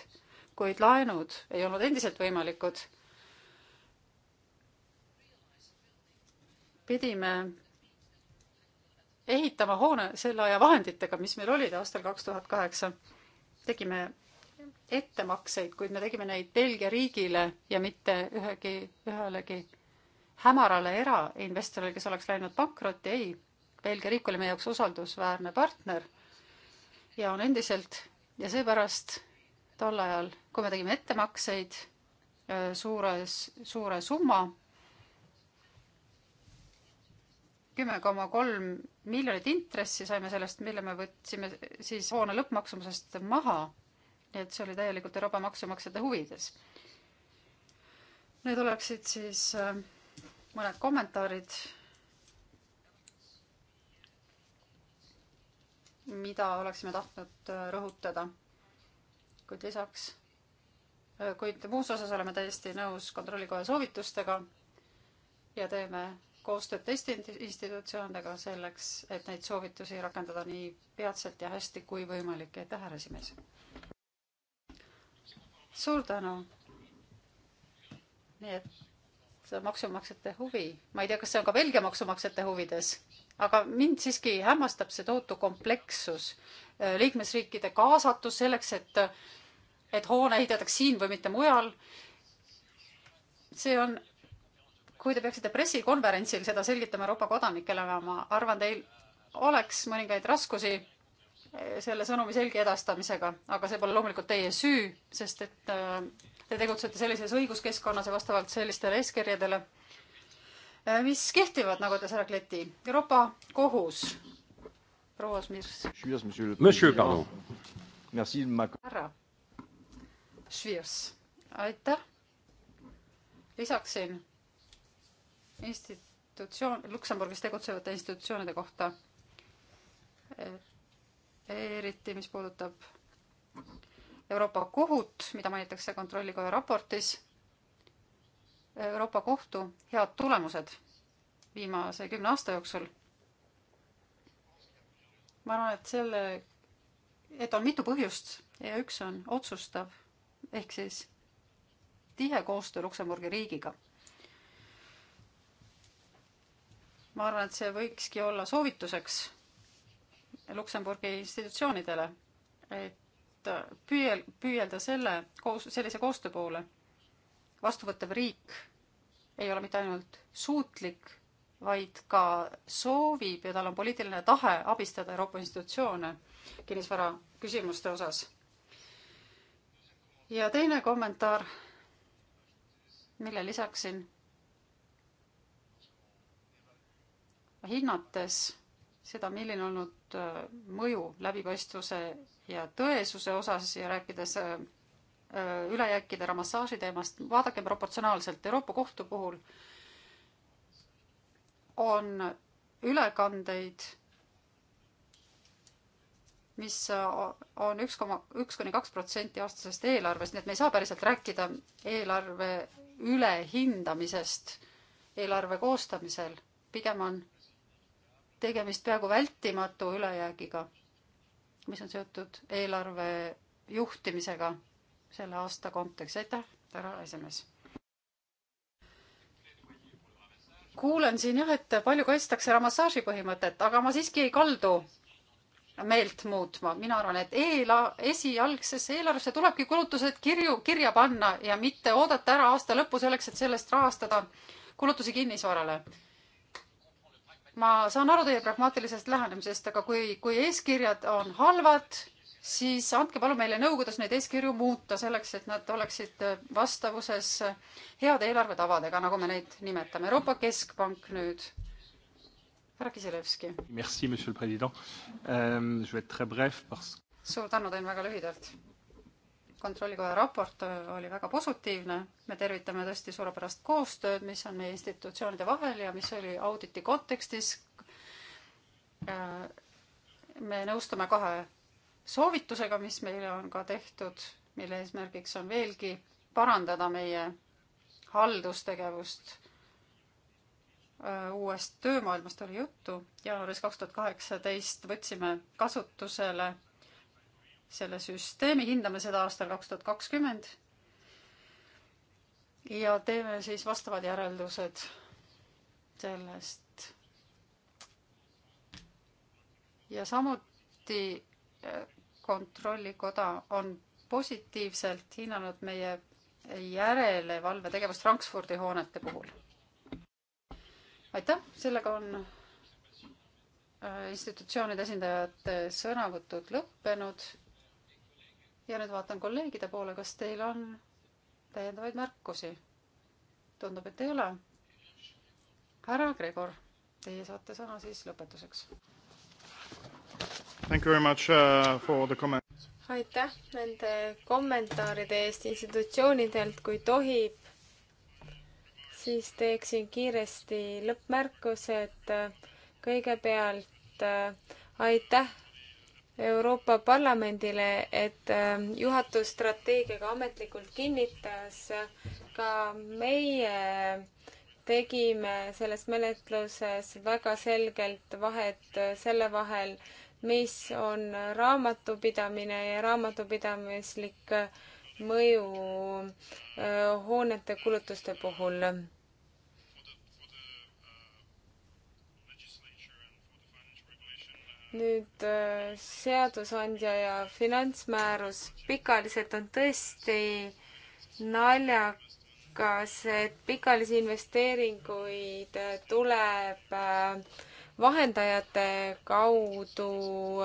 kuid laenud ei olnud endiselt võimalikud. pidime ehitama hoone selle aja vahenditega, mis meil olid aastal kaks tuhat kaheksa. tegime ettemakseid, kuid me tegime neid Belgia riigile ja mitte ühegi, ühelegi hämarale erainvestorile, kes oleks läinud pankrotti, ei. Belgia riik oli meie jaoks usaldusväärne partner ja on endiselt ja seepärast tol ajal, kui me tegime ettemakseid äh, suures, suure summa, kümme koma kolm miljonit intressi saime sellest, mille me võtsime siis hoone lõppmaksumusest maha. nii et see oli täielikult Euroopa maksumaksjate huvides. Need oleksid siis äh, mõned kommentaarid, mida oleksime tahtnud äh, rõhutada kuid lisaks, äh, kuid muus osas oleme täiesti nõus kontrollikoja soovitustega ja teeme koostööd teiste institutsioonidega selleks, et neid soovitusi rakendada nii peatselt ja hästi kui võimalik. aitäh, härra esimees! suur tänu! nii et maksumaksjate huvi, ma ei tea, kas see on ka Belgia maksumaksjate huvides, aga mind siiski hämmastab see tohutu komplekssus, äh, liikmesriikide kaasatus selleks, et et hoone ehitatakse siin või mitte mujal. see on, kui te peaksite pressikonverentsil seda selgitama Euroopa kodanikele, ma arvan, teil oleks mõningaid raskusi eh, selle sõnumi selge edastamisega, aga see pole loomulikult teie süü, sest et eh, te tegutsete sellises õiguskeskkonnas ja vastavalt sellistele eeskirjadele, eh, mis kehtivad, nagu ütles härra Kleti, Euroopa Kohus. proua Smirs. härra Švirs, aitäh. lisaksin institutsioon, Luksemburgis tegutsevate institutsioonide kohta. eriti, mis puudutab Euroopa Kohut, mida mainitakse Kontrollikoja raportis. Euroopa Kohtu head tulemused viimase kümne aasta jooksul. ma arvan, et selle, et on mitu põhjust ja üks on otsustav ehk siis tihe koostöö Luksemburgi riigiga. ma arvan, et see võikski olla soovituseks Luksemburgi institutsioonidele, et püüel-, püüelda selle koos, sellise koostöö poole. vastuvõttev riik ei ole mitte ainult suutlik, vaid ka soovib ja tal on poliitiline tahe abistada Euroopa institutsioone kinnisvara küsimuste osas ja teine kommentaar, mille lisaksin. hinnates seda, milline olnud äh, mõju läbipaistvuse ja tõesuse osas ja rääkides äh, äh, ülejääkide ja massaaži teemast, vaadake proportsionaalselt Euroopa Kohtu puhul on ülekandeid mis äh, on üks koma, üks kuni kaks protsenti aastasest eelarvest, nii et me ei saa päriselt rääkida eelarve ülehindamisest eelarve koostamisel, pigem on tegemist peaaegu vältimatu ülejäägiga, mis on seotud eelarve juhtimisega selle aasta kontekstis. aitäh, härra esimees! kuulen siin jah, et palju kaitstakse ramassaaži põhimõtet, aga ma siiski ei kaldu meelt muutma. mina arvan, et eela-, esialgsesse eelarvesse tulebki kulutused kirju, kirja panna ja mitte oodata ära aasta lõppu selleks, et sellest rahastada kulutusi kinnisvarale. ma saan aru teie pragmaatilisest lähenemisest, aga kui, kui eeskirjad on halvad, siis andke palun meile nõu, kuidas neid eeskirju muuta selleks, et nad oleksid vastavuses heade eelarvetavadega, nagu me neid nimetame. Euroopa Keskpank nüüd härra Kiselevski. Merci, monsieur le president um,. Euh, je vais être très bref parce. suur tänu, teen väga lühidalt. kontrollikoja raport äh, oli väga positiivne. me tervitame tõesti suurepärast koostööd, mis on meie institutsioonide vahel ja mis oli auditi kontekstis. Äh, me nõustume kahe soovitusega, mis meile on ka tehtud, mille eesmärgiks on veelgi parandada meie haldustegevust Äh, uuest töömaailmast oli juttu. jaanuaris kaks tuhat kaheksateist võtsime kasutusele selle süsteemi, hindame seda aastal kaks tuhat kakskümmend. ja teeme siis vastavad järeldused sellest. ja samuti äh, kontrollikoda on positiivselt hinnanud meie järelevalvetegevust Frankfurdi hoonete puhul aitäh, sellega on äh, institutsioonide esindajate sõnavõtud lõppenud. ja nüüd vaatan kolleegide poole, kas teil on täiendavaid märkusi? tundub, et ei ole. härra Gregor, teie saate sõna siis lõpetuseks. Thank you very much uh, for the comment aitäh nende kommentaaride eest institutsioonidelt, kui tohib, siis teeksin kiiresti lõppmärkused. kõigepealt äh, aitäh Euroopa Parlamendile, et äh, juhatus strateegiaga ametlikult kinnitas. ka meie tegime selles menetluses väga selgelt vahet selle vahel, mis on raamatupidamine ja raamatupidamislik mõju äh, hoonete kulutuste puhul nüüd äh, seadusandja ja finantsmäärus pikaliselt on tõesti naljakas, et pikaajalisi investeeringuid tuleb äh, vahendajate kaudu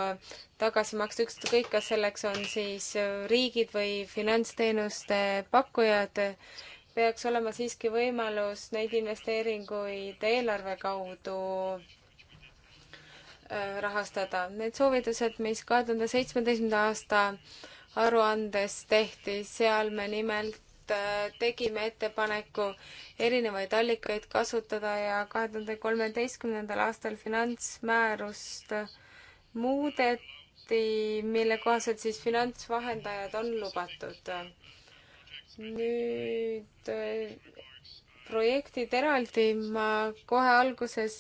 äh, tagasi maksta, ükskõik, kas selleks on siis riigid või finantsteenuste pakkujad, peaks olema siiski võimalus neid investeeringuid eelarve kaudu rahastada. Need soovitused, mis kahe tuhande seitsmeteistkümnenda aasta aruandes tehti, seal me nimelt äh, tegime ettepaneku erinevaid allikaid kasutada ja kahe tuhande kolmeteistkümnendal aastal finantsmäärust äh, muudeti, mille kohaselt siis finantsvahendajad on lubatud. nüüd äh, projektid eraldi ma kohe alguses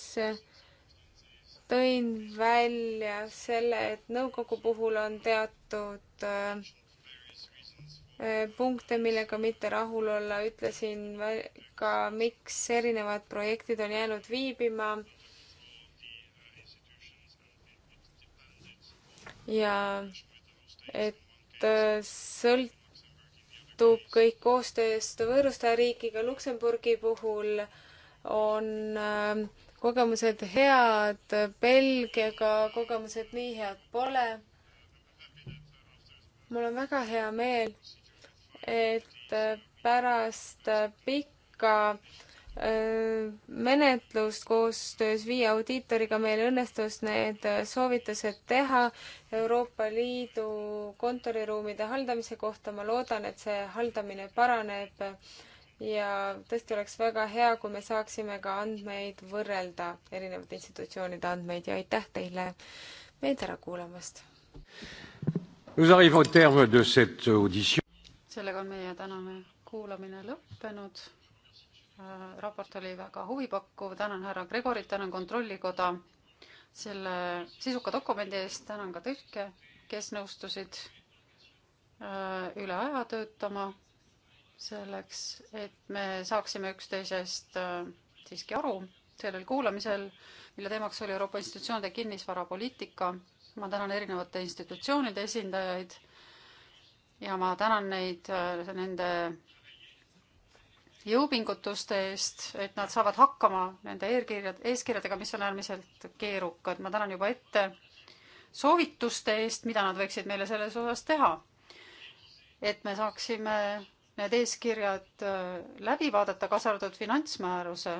tõin välja selle, et nõukogu puhul on teatud äh, äh, punkte, millega mitte rahul olla, ütlesin ka, miks erinevad projektid on jäänud viibima. ja et äh, sõlt-, muutub kõik koostööst võõrustaja riikiga. Luksemburgi puhul on kogemused head Belgiaga, kogemused nii head pole. mul on väga hea meel, et pärast pikka äh, menetlust koostöös viie audiitoriga meil õnnestus need soovitused teha Euroopa Liidu kontoriruumide haldamise kohta. ma loodan, et see haldamine paraneb ja tõesti oleks väga hea, kui me saaksime ka andmeid võrrelda, erinevate institutsioonide andmeid ja aitäh teile meid ära kuulamast! sellega on meie tänane kuulamine lõppenud. Äh, raport oli väga huvipakkuv, tänan härra Gregorit, tänan Kontrollikoda selle sisuka dokumendi eest, tänan ka tõlke, kes nõustusid äh, üle aja töötama selleks, et me saaksime üksteisest äh, siiski aru sellel kuulamisel, mille teemaks oli Euroopa institutsioonide kinnisvarapoliitika. ma tänan erinevate institutsioonide esindajaid ja ma tänan neid äh, nende jõupingutuste eest, et nad saavad hakkama nende eelkirjad, eeskirjadega, mis on äärmiselt keerukad. ma tänan juba ette soovituste eest, mida nad võiksid meile selles osas teha. et me saaksime need eeskirjad äh, läbi vaadata, kaasa arvatud finantsmääruse,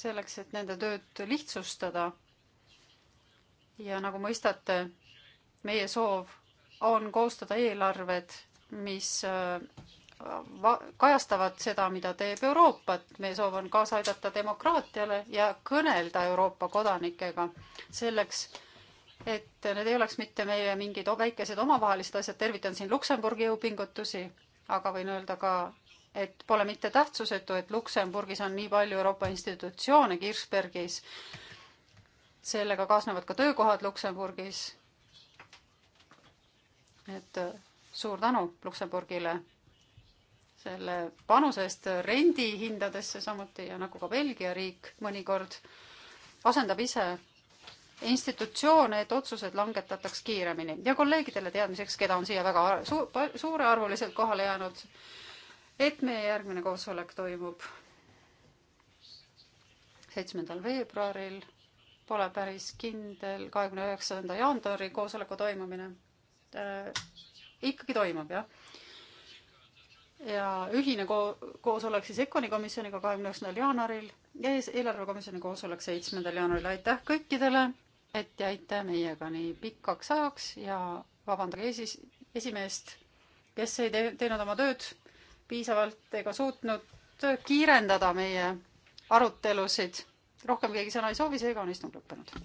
selleks, et nende tööd lihtsustada. ja nagu mõistate, meie soov on koostada eelarved, mis äh, kajastavad seda, mida teeb Euroopat. meie soov on kaasa aidata demokraatiale ja kõnelda Euroopa kodanikega selleks, et need ei oleks mitte meie mingid väikesed omavahelised asjad. tervitan siin Luksemburgi jõupingutusi aga võin öelda ka, et pole mitte tähtsusetu, et Luksemburgis on nii palju Euroopa institutsioone Kirchbergis. sellega kaasnevad ka töökohad Luksemburgis. et äh, suur tänu Luksemburgile selle panuse eest rendihindadesse samuti ja nagu ka Belgia riik mõnikord asendab ise institutsioone, et otsused langetataks kiiremini ja kolleegidele teadmiseks, keda on siia väga su suurearvuliselt kohale jäänud, et meie järgmine koosolek toimub seitsmendal veebruaril, pole päris kindel, kahekümne üheksanda jaanuari koosoleku toimumine äh, ikkagi toimub, jah. ja ühine ko koosolek siis EKONi komisjoniga kahekümne üheksandal jaanuaril ja eelarvekomisjoni koosolek seitsmendal jaanuaril, aitäh kõikidele et jäite meiega nii pikaks ajaks ja vabandage esis-, esimeest, kes ei tee, teinud oma tööd piisavalt ega suutnud kiirendada meie arutelusid. rohkem keegi sõna ei soovi, seega on istung lõppenud.